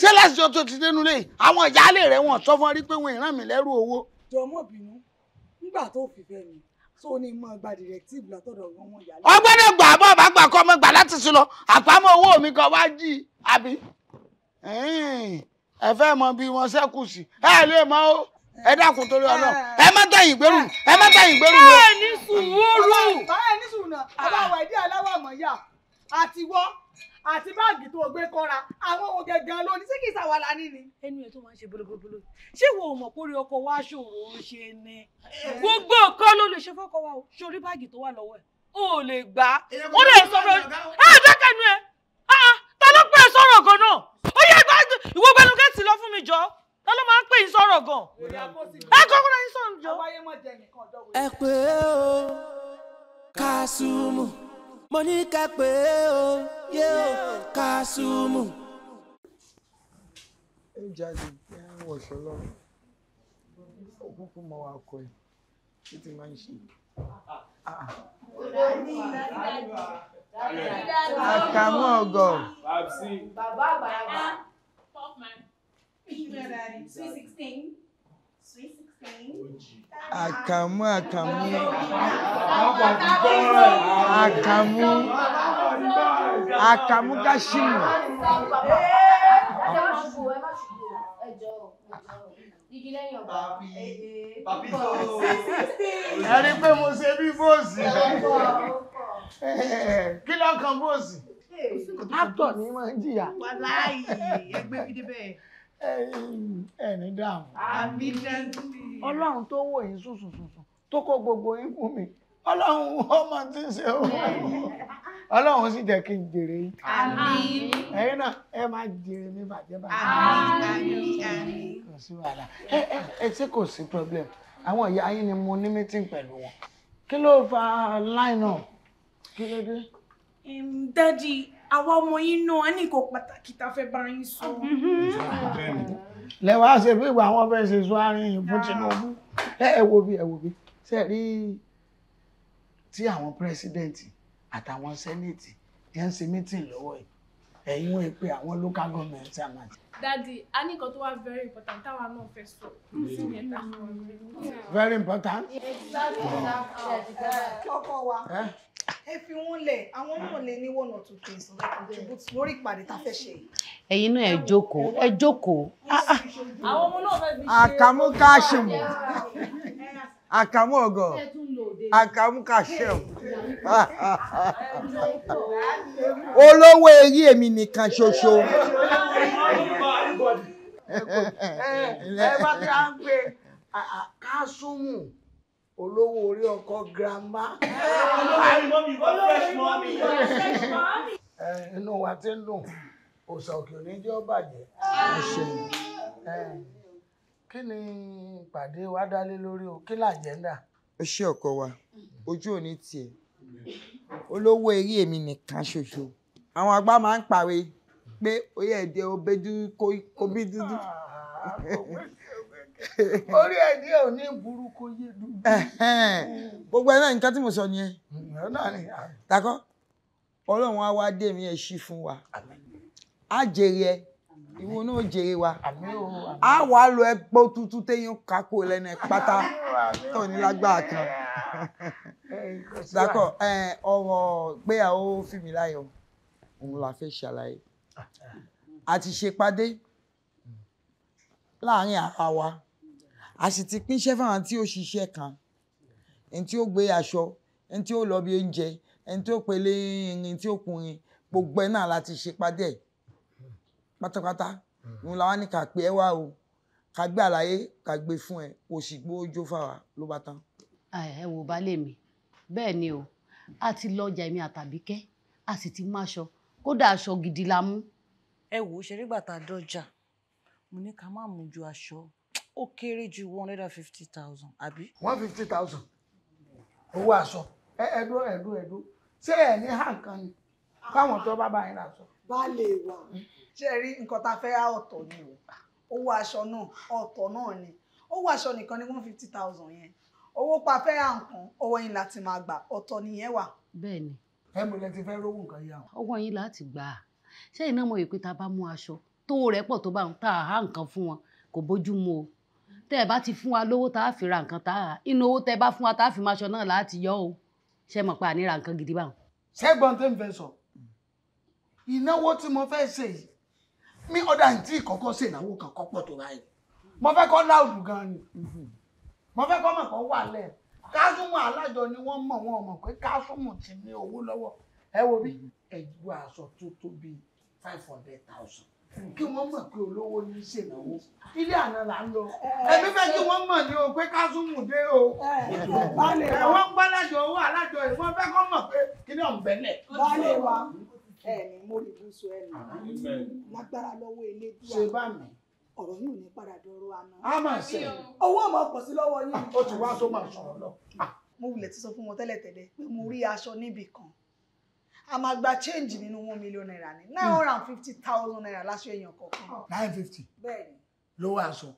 ṣé lásìjọ tó ti dénú lé àwọn ìyáálé rẹ wọn sọ fún ọ rí pé wọn ìran mi lẹ́rù owó. jọmọ bínú nígbà tó fi fẹ́ mi tó ní mọ gba directive látọ̀dọ̀ ọmọ ìyáálé. ọgbọ́dọ̀ gbà bọ́ bá gbà kọ́ ọmọ gbà láti sí lọ àpamọ́ owó mi kan wá jí i àbí. ẹ fẹ́ mọ bí wọ́n ṣẹ́kù sí ẹ lè mọ o ẹ dákun torí ọ náà ẹ má tẹ̀yìn gbèrú ẹ má tẹ̀yìn gbèrú. bẹ́ẹ̀ ní sùúrù. bẹ́ẹ̀ ní náà ọba ìdí aláwọ̀ àti báàgì tó gbé kọ́ra àwọn ohun gẹ̀gẹ̀ lónìí sí kì í ṣàwàlà níní. ẹnu ẹ tó máa ń ṣe bolobolo ṣé wo ò mọ̀ pé orí ọkọ wa ṣòro ń ṣe ni gbogbo nǹkan ló lè ṣe fọ́kọ wa o ṣorí báàgì tó wà lọ́wọ́ ẹ̀ o ò lè gbà á ó lè sọ fún ẹ ah, ẹ dákẹ́nu ah, ẹ ah, ta ló pẹ́ sọ̀rọ̀ gan náà ó yẹ ìwọ gbẹnu kẹ́tì lọ fún mi jọ ta ló máa ń pè yín sọ̀rọ̀ gan ẹ kọ́kọ́rọ́ yín sọ̀rọ̀ jọ. ẹ pé o Kasumu mo ní ká pé o yé o Kasumu. ẹ jáde ẹ ń wọṣọ lọrùn òkùnkùn mọ wa kọ ẹ kí ti máa ń ṣe. àkàmú ọgọ. bàbá àgbàlagbà. Three sixteen sweet sixteen. Àkàmú àkàmú. Àkàmú. Àkàmú Káṣímù. Ẹ rí pé mo ṣe bí bóòsì. Kí ló kan bóòsì? Actor ni máa ń jìyà. Wàláyé, ẹgbẹ́ fi dé bẹ́ẹ̀ ẹni dààmú. àmì dẹ́ntì. ọlọ́run tó wò yín sùn sùn sùn tó kó gbogbo yín fún mi ọlọ́run ọmọ tí ń ṣe òun ọlọ́run sì jẹ́ kí n jèrè yín. àmín. ẹ̀yin náà ẹ máa jèrè mi bàjẹ́ bàjẹ́. àmín. kò sí wàhálà ẹ ẹ ẹ ṣé kò sí problem àwọn ìyá yín ni mo ní meeting pẹ̀lú wọn kí ló fa line up kí ló dé. dádì àwa ọmọ yín náà a ní nǹkan pàtàkì tá a fẹ́ bá yín sọ. lẹ́wọ̀n á ṣe bí ìwà àwọn fẹ́ ṣe sọ àárín ìbò ah. Tinubu ẹ wo bí ẹ wo bí ṣe rí tí àwọn pírẹsidẹ́ǹtì àtàwọn sẹ́nẹ̀tì yẹn ń ṣe mítìn lọ́wọ́ yìí ẹ̀yin wọ́n pe àwọn local government àmà. dadi a ní nǹkan tó wá very important táwa náà fẹ́ sọ very important. ọkọ wa ẹ fi wọn lẹ̀ àwọn náà lè ní one or two things ọ̀rẹ́ contribute lórí ìpàdé tá a fẹ́ ṣe yìí. ẹ̀yin náà ẹ jókòó ẹ jókòó. àwọn ọmọ náà fẹ́ fi ṣe. àkàmú káṣímù àkàmú ọ̀gọ̀ àkàmú káṣímù olówó eyí èmi nìkan ṣoṣo ẹ bá ti à ń pè káṣímù olówó orí ọkọ girama. inú wa ti ń dùn òòsà òkè òní jẹ́ ọ̀bàjẹ́ kí ni ìpàdé wa dálé lórí o kí làjẹ́ndà. ẹ ṣé ọkọ wa ojú òní tiẹ̀ olówó eré èmi nìkan ṣoṣo àwọn àgbà máa ń pàwé pé oyè èdè obedu kò bí dúdú. Ah, ah, ah, orí ẹ̀ ní òní burúkú yé dúdú. gbogbo ẹ̀ náà nǹkan tí mo sọ nìyẹn. takọ́ ọlọ́run á wá dé mi ẹ̀ ṣí fún wa á jèrè ẹ ìwọ náà jèrè wa á wà á lo ẹgbẹ́ òtútù téyàn kákó lẹ́nu pátá tó ní lágbára kan. takọ́ ọ̀rọ̀ pé a ó fi mí láyọ̀ òun la fẹ́ ṣàlàyé àti ah, ah. ṣèpàdé láàárín ara wa a sì ti pínṣẹ́ fáwọn tí ó ṣiṣẹ́ kan ẹni tí ó gbé aṣọ ẹni tí ó lọ bí oúnjẹ ẹni tí ó pele irin tí ó kunrin gbogbo ẹ náà láti ṣe pàdé pátápátá hmm. òun làwọn ní ká pé ẹ wá o ká gbé àlàyé ká gbé fún ẹ kò sì gbójú fáwa ló bá tán. ẹ wò bá lè mi bẹ́ẹ̀ ni o a ti lọ ọjà èmi àtàbíkẹ́ a sì ti mú aṣọ kódà aṣọ gidi la mú. ẹ wò ó ṣe nígbà tá a dọjà mo ní ká má mú ju aṣọ ó kéré ju one hundred and fifty thousand àbí. one fifty thousand owó aṣọ ẹdún ẹdún ẹdún ṣé ẹ ní hàn kan ni káwọn tó bá bá yín rà sọ. baálé wa ṣe rí nǹkan tá a fẹ́ ra ọ̀tọ̀ ni o owó aṣọ náà ọ̀tọ̀ náà ni owó aṣọ nìkan ni one fifty thousand yẹn owó pa fẹ́ ra nǹkan owó yín láti máa gbà ọ̀tọ̀ nìyẹn wà. bẹ́ẹ̀ni. ẹ mọ̀ lẹ ti fẹ́ rówó nǹkan yà. ọwọ́ yín láti gbà á ṣé iná mọ̀ èpè a bá mú aṣọ tó rẹ̀ pọ̀ tó bá ń ta àhá nǹkan fún wọn kò bójú mu o tẹ́ ẹ bá ti fún wa lówó tá a fi ra nǹkan tá a inú owó tẹ́ ẹ bá fún wa tá a fi máa ṣọ náà láti yọ o ṣe mọ̀ pé àníra nǹkan gidi báwọn. ṣẹ́gbọ́n tó ń fẹ́ sọ ìnáwó tí mo fẹ́ ṣe yìí mi ọ̀dà ní tí ìkọ̀kọ̀ ṣe ìnáwó kan kọ́pọ̀ tó ra yìí mo fẹ́ kọ́ láòdù gan ni mo fẹ́ kọ́ mọ̀ kọ́ wà lẹ̀ kásùmù alájọ ni wọ́n mọ̀ wọn mọ̀ pé kásùmù ti ní owó lọ́wọ́ ẹ wo bí ẹ̀jú aṣọ tó tó bíi five hundred thousand kí wọ́n mọ̀ pé olówó ní í ah. ilé àná là ń lọ eh, eh, ẹbí eh. fẹ́ kí wọ́n mọ̀ ní o pé kásùmù dé o ẹ̀wọ́n gbọ́ lájọ owó alájọ ìwọ́n fẹ́ kọ́ mọ̀ pé kí ni ọ̀nbẹ́lẹ̀. baálé wa ẹ̀ẹ̀ni mo rí ibùsùn ẹ̀nà lágbára lọ́wọ́ elédùá ṣe bá ọ̀rọ̀ yìí ò ní padà dọ̀rọ̀ àná. a máa ṣe owó ọmọ pọ̀ sí lọ́wọ́ yìí. ó ti wá tó máa sọ̀rọ̀ lọ. Ah. mo wulẹ̀ ti sọ fún wọn tẹ́lẹ̀tẹ́lẹ̀ pé mo rí aṣọ níbì kan a máa gba change nínú one million naira ní nine hundred and fifty thousand naira láṣọ èèyàn kọ̀ọ̀kan. Oh. nine fifty lówó aṣọ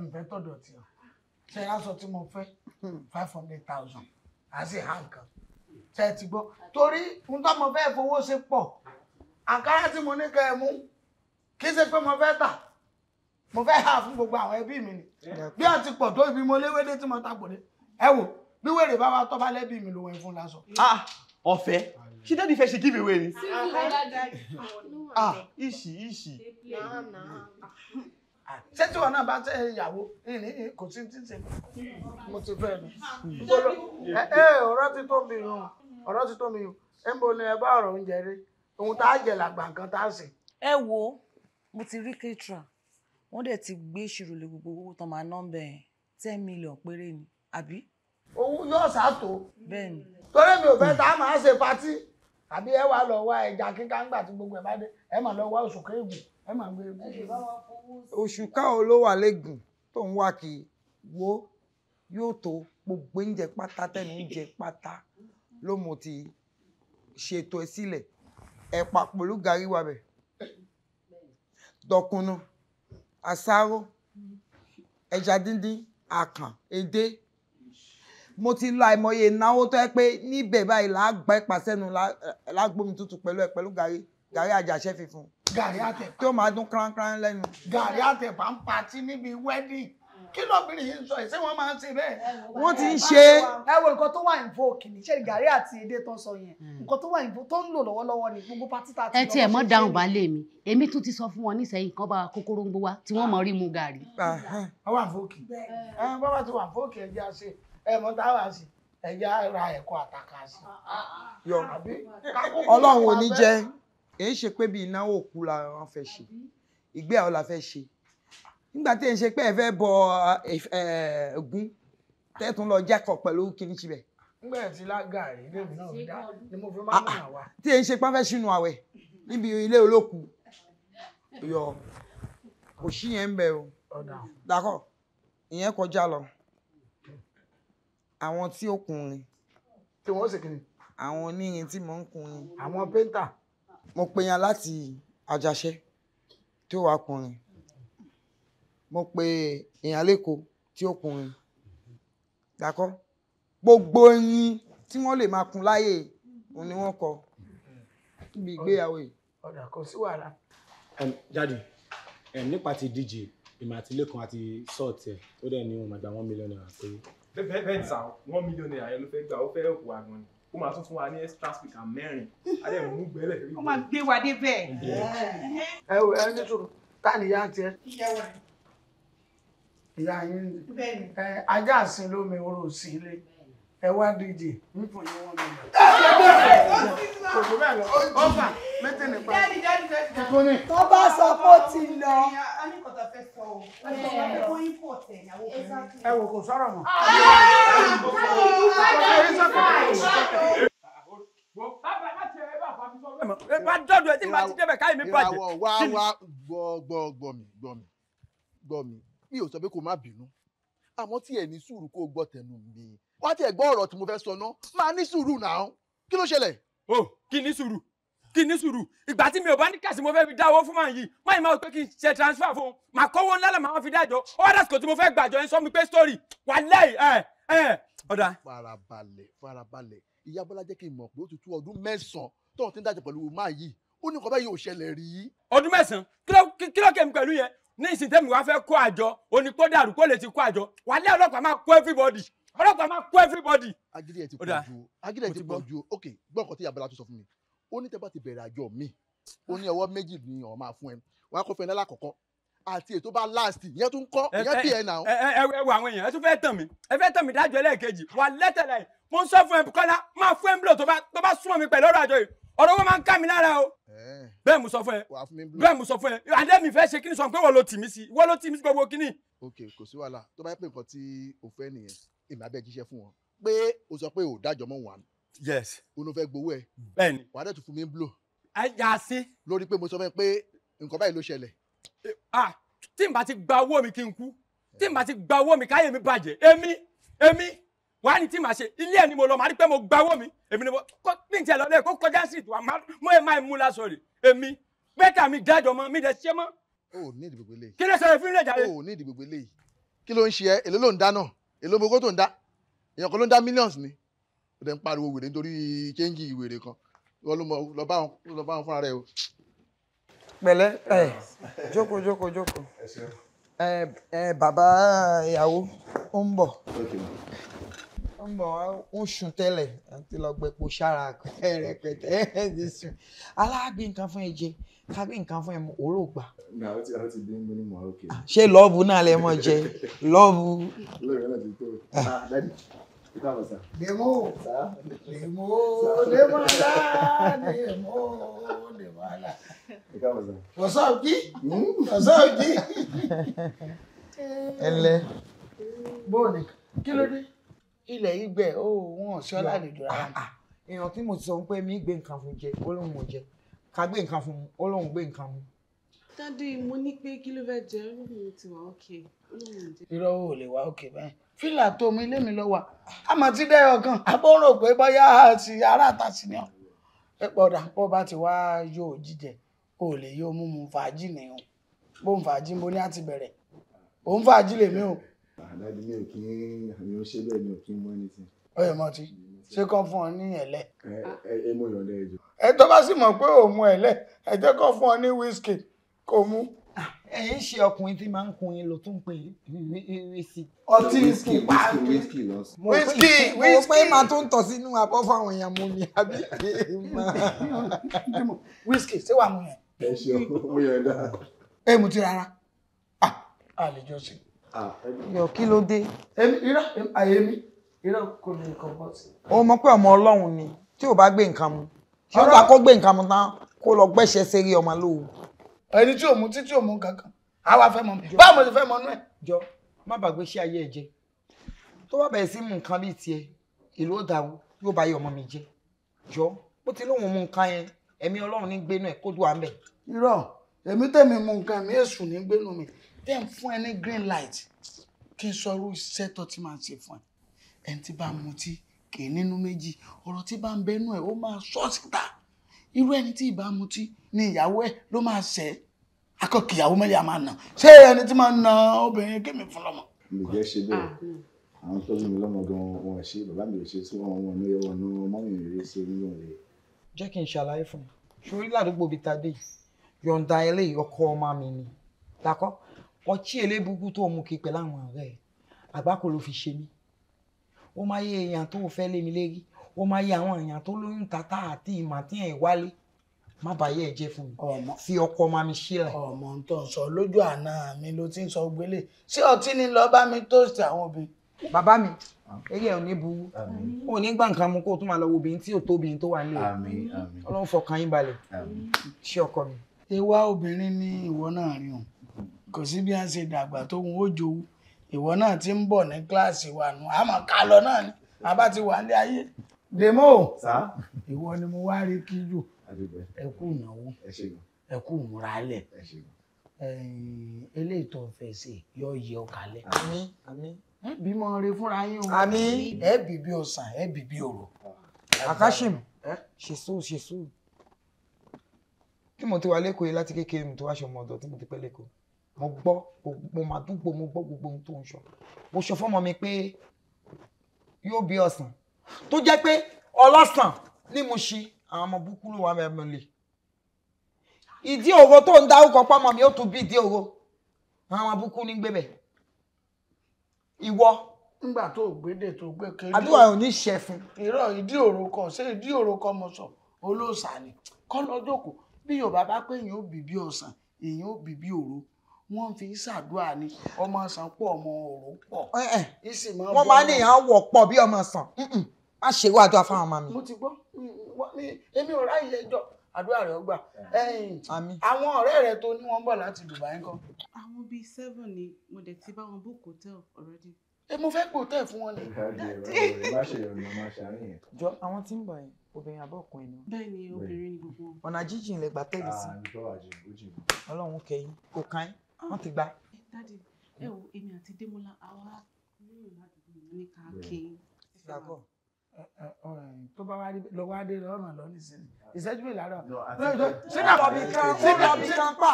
nfẹ tọ̀dọ̀ tí o ṣe aṣọ tí mo fẹ́ hmm. five hundred thousand a sì hàn kan ṣe ti gbọ́ torí n tó mo fẹ́ fowó ṣe pọ̀ àǹkárá tí mo ní kẹ́ ẹ mú kí ṣe pé mo fẹ́ tà mo fẹ́ hà fún gbogbo àwọn ẹbí mi ni bí a ti pọ̀ tó ibi mo léwédé tí mo ta pò dé ẹ wò bí wèrè bá wa tọ́ bá lẹ́bí mi lòun ẹ̀ fún lásọ. Ah, ọ̀fẹ́. She don't even she give away Ah, ishi ishi. Set mm. ah, tí wọn náà bá tẹ ìyàwó ìní kò tí ń tí ń ṣe mo ti fẹ́ mi. Ẹ mm. eh, eh, ọ̀rọ̀ ti tó mi yùn ọ̀rọ̀ ti tó mi yùn ẹ ń bo ni ẹ bá ọ̀rọ̀ oúnjẹ rí ohun tá a jẹ làgbà nǹkan tá a sè. Ẹ wo mo ti ten million péré ni àbí. Owó yóò sá tó. Bẹ́ẹ̀ni. Torí mi ò fẹ́ tá a party. àbí ẹ wà lọ wá ẹja kíká ńgbà tí gbogbo ẹ bá dé ẹ mà lọ wá oṣù Kẹgùn, ẹ mà gbé egun. oṣù o ló tó ń wá kí wo yóò tó gbogbo oúnjẹ pátá tẹnu oúnjẹ pátá ló mo ti ṣètò ẹ gàrí wa mo ti lọ àìmọye ìnáwó tó yẹ pé níbẹ̀ báyìí là á gba ẹ̀pà sẹ́nu là á gbómi tútù pẹ̀lú ẹ̀ pẹ̀lú gàrí gàrí àjàṣẹ́ fífun. gàrí àtẹ̀pà tó máa dún kránkán lẹ́nu. gàrí àtẹ̀pà ń patí níbi wedding kí lóbìnrin yìí ń sọ ìṣe wọn máa ń ṣe bẹ́ẹ̀. wọ́n ti ń ṣe. ẹ wo nǹkan tó wà ní fóòkì ní ṣe gàrí àti èdè tó ń sọ yẹn hmm. nǹkan tó wà ní tó ń lò lọ́wọ́lọ́wọ́ ní gbogbo pátí tá a ti lọ. ẹ tiẹ̀ mọ́ dáhùn baálé mi èmi tún ti sọ fún wọn nísẹ̀yìn kan bá kókóró ń gbó wá tí wọ́n mọ̀ rí mu gàrí. Ah, ah. wọ́n wà fóòkì bá ah, wà ti wà fóòkì ẹ̀ jẹ́ àṣẹ ẹmọ táwa sí ẹ̀yà ra ẹ̀kọ́ àtàkà sí ah, ah, ah. yọ àbí. ọlọ́run ò ní jẹ́ èyí ṣe pé bí ìnáwó òkú la wọ́n fẹ́ ṣe ìgbéyàwó la fẹ́ ṣe nígbà tí èyí ṣe pé ẹ fẹ́ bọ ẹ̀gún tẹ́tún lọ jákọ̀ pẹ̀lú kíní síbẹ̀. nígbà tí lágàrí lébi náà rí dá ni mo fi máa ń rìn àwa. tí èyí ṣe pé wọ́n fẹ́ sínú àwẹ̀ níbi ilé olókùú yọ kò sí yẹn ń bẹ o dàkọ ìyẹn kọjá lọ. Àwọn tí ó kunrin. Tí wọ́n ṣe kìnnì. Àwọn onírin tí mò ń kunrin. Àwọn péńtà. Mo pe yan láti Àjàṣẹ́ tí ó wá kunrin. Mo pe èèyàn léko tí ó kunrin. Dàkọ́. Gbogbo orin tí wọ́n lè máa kun láyé òun ni wọ́n kọ. Níbi ìgbéyàwó yìí. Ọ̀dà kò sí wàhálà. Jáde, nípa ti DJ, èmi àti Lékan àti sọ́ọ̀tì ẹ̀, ó dẹ̀ ní òun àgbà one million naira péré bẹ́ẹ̀ sà one million naira yẹn ló fẹ́ gbà ó fẹ́ òkú àgbọn ni ó máa tún fún wa ní extra speaker mẹ́rin adé mú gbẹ́lẹ̀ rí. ó máa gbé wa dé bẹ́ẹ̀. ẹ wò ẹ ní sọ̀rọ̀ káàní yá tiẹ̀. ìyá yín ni ajá àsìn lómi orò sí ilé ẹ wá díje nípò ní wọn mi. kòkó bẹ́ẹ̀ lọ ọ̀fà mẹ́tẹ̀ nípa. tó bá sọ pé ó ti lọ ẹ wò kò sọ̀rọ̀ mọ́. ẹ bá dọ́dọ̀ ẹ tí màá ti mi ò sọ pé kó má bínú àmọ́ tí ẹ̀ ní sùúrù kó gbọ́ tẹnu mi wá tí ẹ̀ gbọ́ ọ̀rọ̀ tí mo fẹ́ sọ náà máa ní sùúrù náà kí ló ṣẹlẹ̀. o kí ní sùúrù kí ní sùúrù ìgbà tí mi ò bá ní kàṣí mo fẹ́ fi dáwọ́ fún màá yìí má yìí pé kí n ṣe transfer fún un màá kọ́wọ́ ńlá làmá wọn fi dájọ́ ó wá tí mo fẹ́ gbàjọ ẹ̀ sọ mi pé story wà lẹ́yìn ẹ̀ ẹ̀ ọ̀dà. farabalẹ̀ farabalẹ̀ ìyá bọ́lá jẹ́ kí n mọ̀ pé ó ti tú ọdún mẹ́sàn-án tó ọ̀ ti ń dájọ́ pẹ̀lú máa yìí ó ní nǹkan báyìí ò ṣẹlẹ̀ rí. ọdún mẹ́sàn-án kí ló kẹ́mi ó ní tẹ́ bá ti bẹ̀rẹ̀ àjọ mi ó ní ọwọ́ méjì ni ọ̀ máa fún ẹ wọn á kó fẹ́ẹ́ lálákọ̀ọ́kọ́ àti ètò bá last ìyẹn tún kọ́ ìyẹn tiẹ̀ nà. ẹ ẹ ẹ wo àwọn èèyàn ẹ tún fẹ́ tàn mí ẹ fẹ́ tàn mí dájọ́ ẹlẹ́ẹ̀kejì wà lẹ́tẹ̀lẹ̀ mo ń sọ fún ẹ Kọ́lá máa fún ẹ ń bùlọ tó bá súnmọ́ mi pẹ̀lú ọ̀rọ̀ àjọ yìí ọ̀rọ̀ wọn máa ń ká mi lára o. bẹ́ẹ̀ mo sọ fún ẹ bẹ́ẹ̀ mo sọ fún ẹ adé mi fẹ́ ṣe kí ni sọ pé wọ́n ló tì mí sí wọ́n ló tì mí sí gbogbo kí ni. ok kò sí wàhálà tó bá yẹ pé nǹkan tí o fẹ́ nìyẹn èmi fún wọn pé o sọ pé o dájọ́ mọ́ wọn yes. òun ló fẹ́ gbowó ẹ. bẹ́ẹ̀ni. wàá dẹ̀ tún fún mi ń blow. ẹ yà sí. lórí pé mo sọ fún ẹ pé nǹkan báyìí ló ṣẹlẹ̀. ah tí n bá ti gba owó mi kí n kú tí n bá ti gba owó mi káyé mi bàjẹ́ èmi èmi wàá ní tí màá ṣe ilé ẹ̀ ni mo lọ màá rí pé mo gba owó mi èmi ni mo kó ní ìtẹ̀ lọ́lẹ́ kó kọjá sí ìtura mo ẹ̀ máa mú lásán rè èmi bẹ́tà mi dájọ́ mọ́ mi dẹ̀ ṣe mọ́. o ò ní ìdìbò gbélé yìí. kí ló sọ èéfín rẹ̀ jáde. o ò ní ìdìbò gbélé yìí kí ló ń ṣe ẹ èló ló ń dá náà èló gbogbo tó ń dá èèyàn kan ló ń dá millions ni ó dẹ̀ ń pariwo wèrè nítorí chẹ́ńjì wèrè kan wọ́n ló mọ lọ bá wọn lọ bá wọn fúnra rẹ̀ o. pẹ̀lẹ́ ẹ jókòó jókòó jókòó ẹ ẹ bàbá ìyàwó ó ń bọ̀ ó ń bọ̀ ó sùn tẹ́lẹ̀ àti lọ gbẹpo sára rẹpẹtẹ [laughs] ẹ ti sùn aláàgbé nǹkan fún ẹ jẹ kábí nǹkan fún ẹ mọ òórò gbà. na o ti a ti dín ní mọ òkè. ṣé lọ́ọ̀bù náà lè mọ jẹ lọ́ọ̀bù. lóòrè náà ti tó o. Ah, ah, lemo lemo lemo ala lemo lemo ala what's up ji what's up ji ẹlẹ bóòlì kí ló dé ilẹ̀ yìí gbẹ ó wọn ṣọ́ lálejò rárá. èèyàn tí mo sọ pé mi gbé nǹkan fún jẹ ó lóun mo jẹ ká gbé nǹkan fún mu ó lóun gbé dádì mo ní pé kí ló fẹ́ jẹ olóhùn ti wà ok, olóhùn jẹ. irọ́ ò lè wá òkè báyìí fílà tó omi ilé mi lọ wà àmọ́ tí dẹ́yọ̀ kan àbọ̀ rò pé bóyá àti aráàta sí ni ọ́ ẹ pọ̀dà bó bá ti wá yóò jíjẹ ò lè yóò mú mu fàájì nìyẹn bó ń fàájì bó ní àti bẹ̀rẹ̀ òun fàájì lèmi o. àdájú mi ò kí ń àmì òṣè bẹ́ẹ̀ mi ò kí ń mú ẹni tí. ọyọ mọ ti ṣé kán fún ọ ní ẹlẹ. ẹ ẹ mo yọ̀ọ̀dẹ ẹjọ. ẹ tó bá sì mọ̀ pé òun ẹlẹ ẹ jẹ́ kán fún ọ ní wíṣkì kò mú. Ah, ẹ̀yin ṣe ọkùnrin tí máa ń kun yín ló tún pè é wíṣí. ọtí wíṣkì pààkì wíṣkì lọ. wíṣkì wíṣkì mo pé máa tún tọ̀ sínú abọ́ fáwọn èèyàn mu ni àbí. wíṣkì ṣé wàá mu yẹn. ẹ ṣe ọmọ yẹn dá. ẹ mú ti rárá àlejò sí. yọ kí ló dé. irọ́ àyè mi irọ́ kò lè kàn bọ́ sí. o mọ̀ pé ọmọ Ọlọ́run ni tí ò bá gbé nǹkan mu tí ó bá kó gbé nǹkan mu tán kó lọ gbẹ́sẹ̀ sẹ́rí ọmọ lóhùn ẹni tí òun títí òun kankan àwa fẹ́ mọ mi báwo mo ti fẹ́ mọ nú ẹ̀. jọ má bàgbé ṣé ayé ẹ jẹ tó bá bẹ̀rẹ̀ sí mú nǹkan bíi tiẹ̀ ìlú ó dàrú yóò bá yẹ ọmọ mi jẹ jọ bó ti lóun mú nǹkan yẹn ẹ̀mí ọlọ́run ní gbénu ẹ̀ kó dùn àmì. irọ́ èmi tẹ̀mí mú nǹkan mi èṣù ní gbénu mi tẹ̀ ń fún ẹ ní green light kí n sọ irú iṣẹ́ tó ti máa ṣe fún ẹ ẹni tí bá mutí kì í nínú méjì ọ̀rọ̀ tí bá ń bẹnu ẹ̀ ó máa sọ síta irú ẹni tí ìbá mutí ni ìyàwó ẹ ló máa ṣẹ akọkì ìyàwó mẹ́lẹ̀ a máa nà ṣé ẹni tí máa na obìnrin kémi fún lọ́mọ. mi jẹ́ ṣe bẹ́ẹ̀ ah, hmm. àwọn tó ní mi lọ́mọ gan-an wọn ṣe bàbá mi ò ṣe tí wọ́n wọn ní ọ̀nà ọmọ mi rèé ṣe nínú rẹ̀. jẹ́ kí n ṣàlàyé fún un ṣorí ládùúgbò bíi tadé yọ̀ǹda eléyìí ọkọ ọmọ mi ni lakọ́ ọtí eléburúkú tó mú kí pẹ̀lú ọ̀rẹ́ àgbákò ló fi ṣe mí ó máa yé èèyàn tó fẹ́ lé mi lérí ó máa yẹ àwọn èèyàn tó lóyún tata àti ìmọ̀ tí ẹ̀ wálé má bàyẹ̀ ẹ̀ jẹ́ fún mi fi ọkọ máa mi sílẹ̀. ọmọ tó ń sọ lójú àná mi ló ti ń sọ gbélé ṣé ọtí ni lọ bá mi tóòsì àwọn obìnrin. bàbá mi eré ẹ̀ ò ní buwú ò ní gbà nǹkan mu kó o tún máa lọ wo obìnrin tí ò tóbi tó wà nílẹ̀ ọlọ́run fọkàn yín balẹ̀ ṣé ọkọ mi. ewa obìnrin ni ìwọ náà rí o kò sí bí a ṣe dàgbà tó ń ó jowú ìwọ náà ti ń bọ̀ ní kíláàsì wa nù àmọ́ ká lọ náà ni àbá ti wà ní ayé Dèmó. Sá. Ìwọ ni mo wá rí kí jù. Ẹ kú ìnáwó. Ẹ kú ìmúralẹ̀. Eléyìí tó ń fẹ́ ṣe yọ yẹ ọ kalẹ̀. Ẹ bí mọ re fúnra yín o. Àmín. Ẹ bì bí ọ̀sán, ẹ bì bí òrò. Akashim, ṣèṣù ṣèṣù. Tí mo ti wà lẹ́kọ̀ọ́ yìí láti kékeré mi tó wá ṣọmọ ọ̀dọ̀ tí mo ti pẹ́ lẹ́kọ̀ọ́. Mo gbọ́ mo máa dúpọ̀ mo gbọ́ gbogbo ohun tó ń sọ. Mo sọ fọ́mọ mi pé yóò bí ọ̀sán tó jẹ́ pé ọlọ́sàn ní mo ṣe àwọn ọmọ búkú ló wà mẹ́rin mi lè ìdí òro tó ń dárúkọ pọ́mọ mi ó tún bí ìdí òro àwọn ọmọ búkú ní gbébẹ̀ ìwọ ngbà tó gbédè tó gbé kéré àdúrà ò ní ṣe fún. irọ́ ìdí òro kan ṣé ìdí òro kan mo sọ olóòṣà ni kọ́ lọ́jọ́kọ̀ bí yorùbá bá pé èèyàn ò bì bí ọ̀sán èèyàn ò bì bí òru wọ́n fi ṣàdúrà ni ọmọ ọ̀sán pọ̀ ọmọ òru pọ̀. wọ́n máa ní ìyàn wọ̀ pọ̀ bí ọmọ ọ̀sán má ṣe wá àdúrà fáwọn ọmọ mi. mo ti gbọ́ èmi ò ráyè ẹjọ́ àdúrà rẹ̀ ọgbà àwọn ọ̀rẹ́ rẹ̀ tó ní wọ́n bọ̀ láti Dubai ńkọ́. àwọn bíi seven ni mo dẹ̀ ti bá wọn book hotel already. ẹ mo fẹ́ pò tẹ̀ fún wọn ni. má ṣe ìròyìn má ṣe àárín yẹn. jọ àwọn tí ń bọ̀ yẹn obìnrin àbọ̀ ọkùnrin ni. bẹ́ẹ̀ ni obìnrin ni gbogbo. ọ̀nà jíjìn lè gbà tẹ́lẹ̀ sí. Ah, ọlọ́run kẹyìn kò kàn án ah. wọ́n ti gbà. Eh, ẹ dáàdi ẹ wo èmi àti Démọ́lá àwa ní ìlànà ní ká kí tó bá wá rí lọ wá dé lọ́nà lọ nísìnyí ìṣẹ́jú mi lára ṣé ká lọ bí kan ó lọ bí kan pa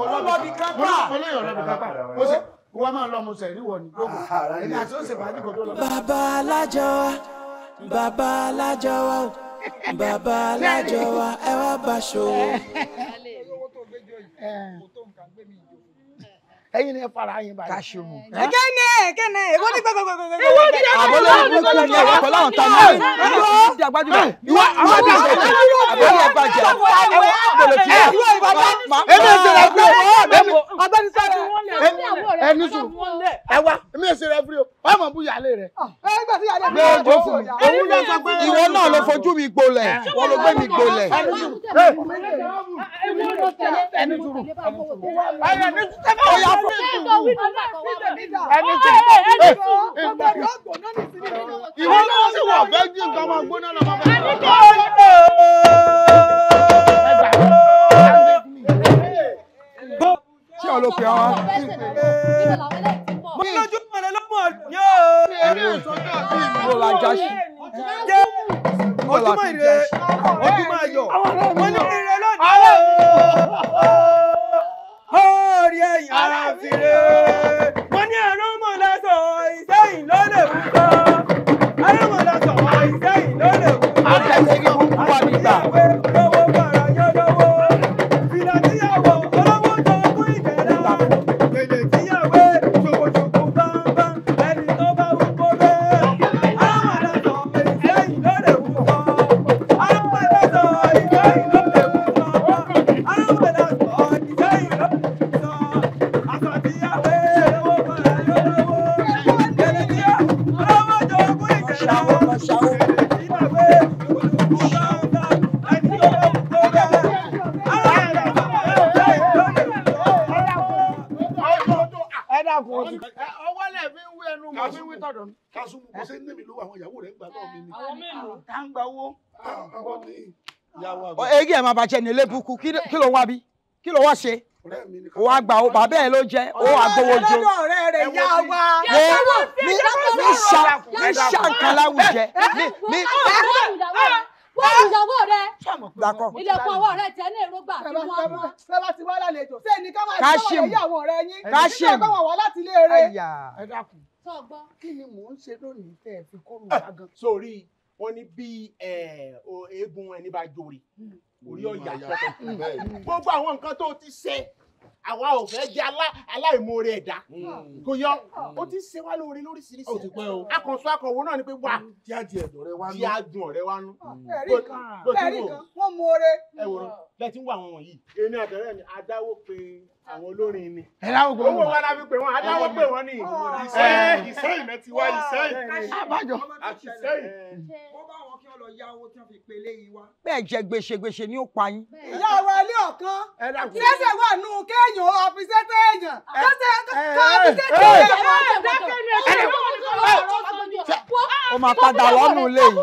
ó lọ bí kan pa ó lọ bí kan pa ó sì wọ́n máa lọ mọ̀ọ́sẹ̀ ní wọ̀ gbogbo ẹ̀ka tí ó sì bá nígbà tó lọ. bàbá alájọ wa bàbá alájọ wa bàbá alájọ wa ẹ wá bá ṣòwò. ẹ ẹ owó tó gbẹjọ yìí kò tó nǹkan gbé mi yìí ẹ̀yin ni ẹ fara yín balẹ̀. ká ṣe mu. kíni kíni èwo ni gbẹgbẹgbẹgbẹ. èwo ni ẹ fọwọ́ lọ sí ọjọ́ ìjọba ìjọba pẹ̀lú àwọn tán náà. ìwọ ti àgbájú rẹ. ìwọ àwọn ti àgbájú rẹ. àbẹ̀rẹ̀ ẹ̀ bàjẹ́. ìwọ ìbàdàn. èmi èsì rẹ fúri o. ọ̀gbẹ́ni sẹ́ni ẹni sùn. ẹ wá èmi rẹ fúri o. rẹ. ẹ ìwọ náà ló fojú mi gbolẹ̀ wọ́n gbé mi gbolẹ̀. ẹni sùn. ẹni sùn ẹni tí ìwọ náà sì wọ̀ fẹ́ jí nǹkan máa gbóná lọ́mọ bẹ́ẹ̀. ṣé o ló pe àwa. mo lójú mọ̀lẹ́ lọ́mọ yóò. èmi ò sọ́jọ́ àti ìlú ọ̀la jásí. ojúmọ́ ire ojúmọ́ ayọ̀ wọ́n ní ire lónìí lórí ẹ̀yìn ara fi rè é. mo ní ẹ̀rọ mọ̀ lọ́sọ̀ ìsẹ́yìn ló lè wú sọ. ẹ̀rọ mọ̀ lọ́sọ̀ ìsẹ́yìn ló lè wú sọ. akẹ́kẹ́ yóò wú wá nígbà. egi ẹ̀ máa bàjẹ́ nílé burúkú kí ló wá bí kí ló wá ṣe o wa gba o bàbá ẹ ló jẹ o wa gbowó jo ní ní ṣà ní ṣà nǹkan láwùjẹ ní ní wọ́n ti ìyàwó rẹ̀. ilẹ̀kùn ọwọ́ rẹ̀ tẹ́ ní èrògbà tí wọ́n mú. ṣé bá ti wá lálejò ṣé ní ká máa ṣe ọwọ́ ìyàwó rẹ̀ yín kí ní ọgbọ́n wọ̀ láti ilé rẹ̀. ẹ dákun kí ni mò ń ṣe lónìí tẹ́ ẹ fi kó mi wá gan. sórí wọ́n ní bí eegun eh, ẹni bá jòrè hmm. orí ọ̀yà hmm. gbogbo àwọn nǹkan tó ti ṣe àwa ò fẹ́ jẹ́ aláìmoore ẹ̀dá hmm. kò yọ ó ti ṣe wá lóore lóríṣiríṣi akọ̀sọ akọ̀wò náà ni pé wà tí a di ẹ̀dọ̀ rẹ wá nú tí a dùn ọ̀rẹ́ wá nú. ẹ̀rí kan ẹ̀rí kan wọ́n moore. ẹ wòran ń wọ àwọn wọ̀nyí. èmi àtẹ̀rẹ́ mi adáwó pé àwọn olórin ni. ẹ láwùjọ wọn. owó wa la fi pè wọn adáwọ pè wọn ni. ìṣe ìṣe ìmẹ ti wá ìṣe. àbájọ àti sẹ́yìn. ó bá wọn kí wọn lọ yá owó tí wọn fi pe léyìí wá. bẹ́ẹ̀ jẹ gbèsè gbèsè ni ó pa yín. ìyá wa ilé ọ̀kan tí ẹsẹ̀ wà nù kéèyàn ọ̀fíìsẹ́ téèyàn kọ́sẹ̀ kọ́fíìsẹ́ téèyàn. ó máa padà lọ́nù ilé yìí.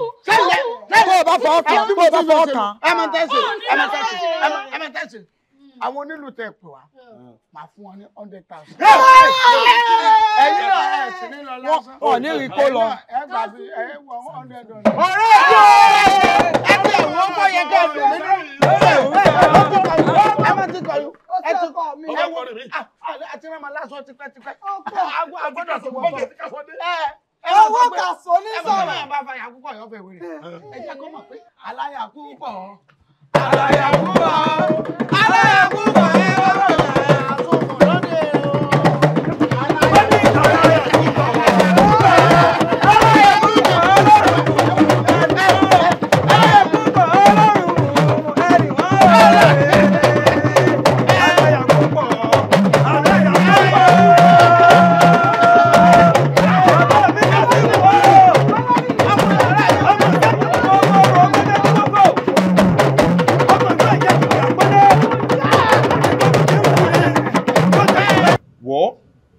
bó o bá fọwọ́ kàn bó o bá fọwọ́ kàn. ẹ máa tẹ̀sí ẹ máa tẹ̀sí ẹ máa tẹ̀sí àwọn onílù tẹ pè wá máa fún wọn ní hundred thousand. ẹ̀yin náà ẹ sì ní lọ lásán. wọn ò ní rí kó lọ. ẹ gbà bí ẹ wọ hundred dollar. ọ̀rẹ́ ìjọ ẹ pé àwọn ọkọ yẹn kẹ́ ẹ dùn mí lórí ẹ máa ti kọ̀ yín ẹ ti kọ̀ mí ẹ wọ àti rẹ̀ máa lásán tipẹ́tipẹ́. àgbọ̀dọ̀ tó wọ́n bọ̀ owó kà sọ ní sọ̀rọ̀. ẹ bá bá yà púpọ̀ yọ̀ fẹ́ wẹ̀rẹ̀ ẹ jẹ́ kó mọ̀ pé aláyà púpọ̀. Aláyàwúwà Aláyàwúwà.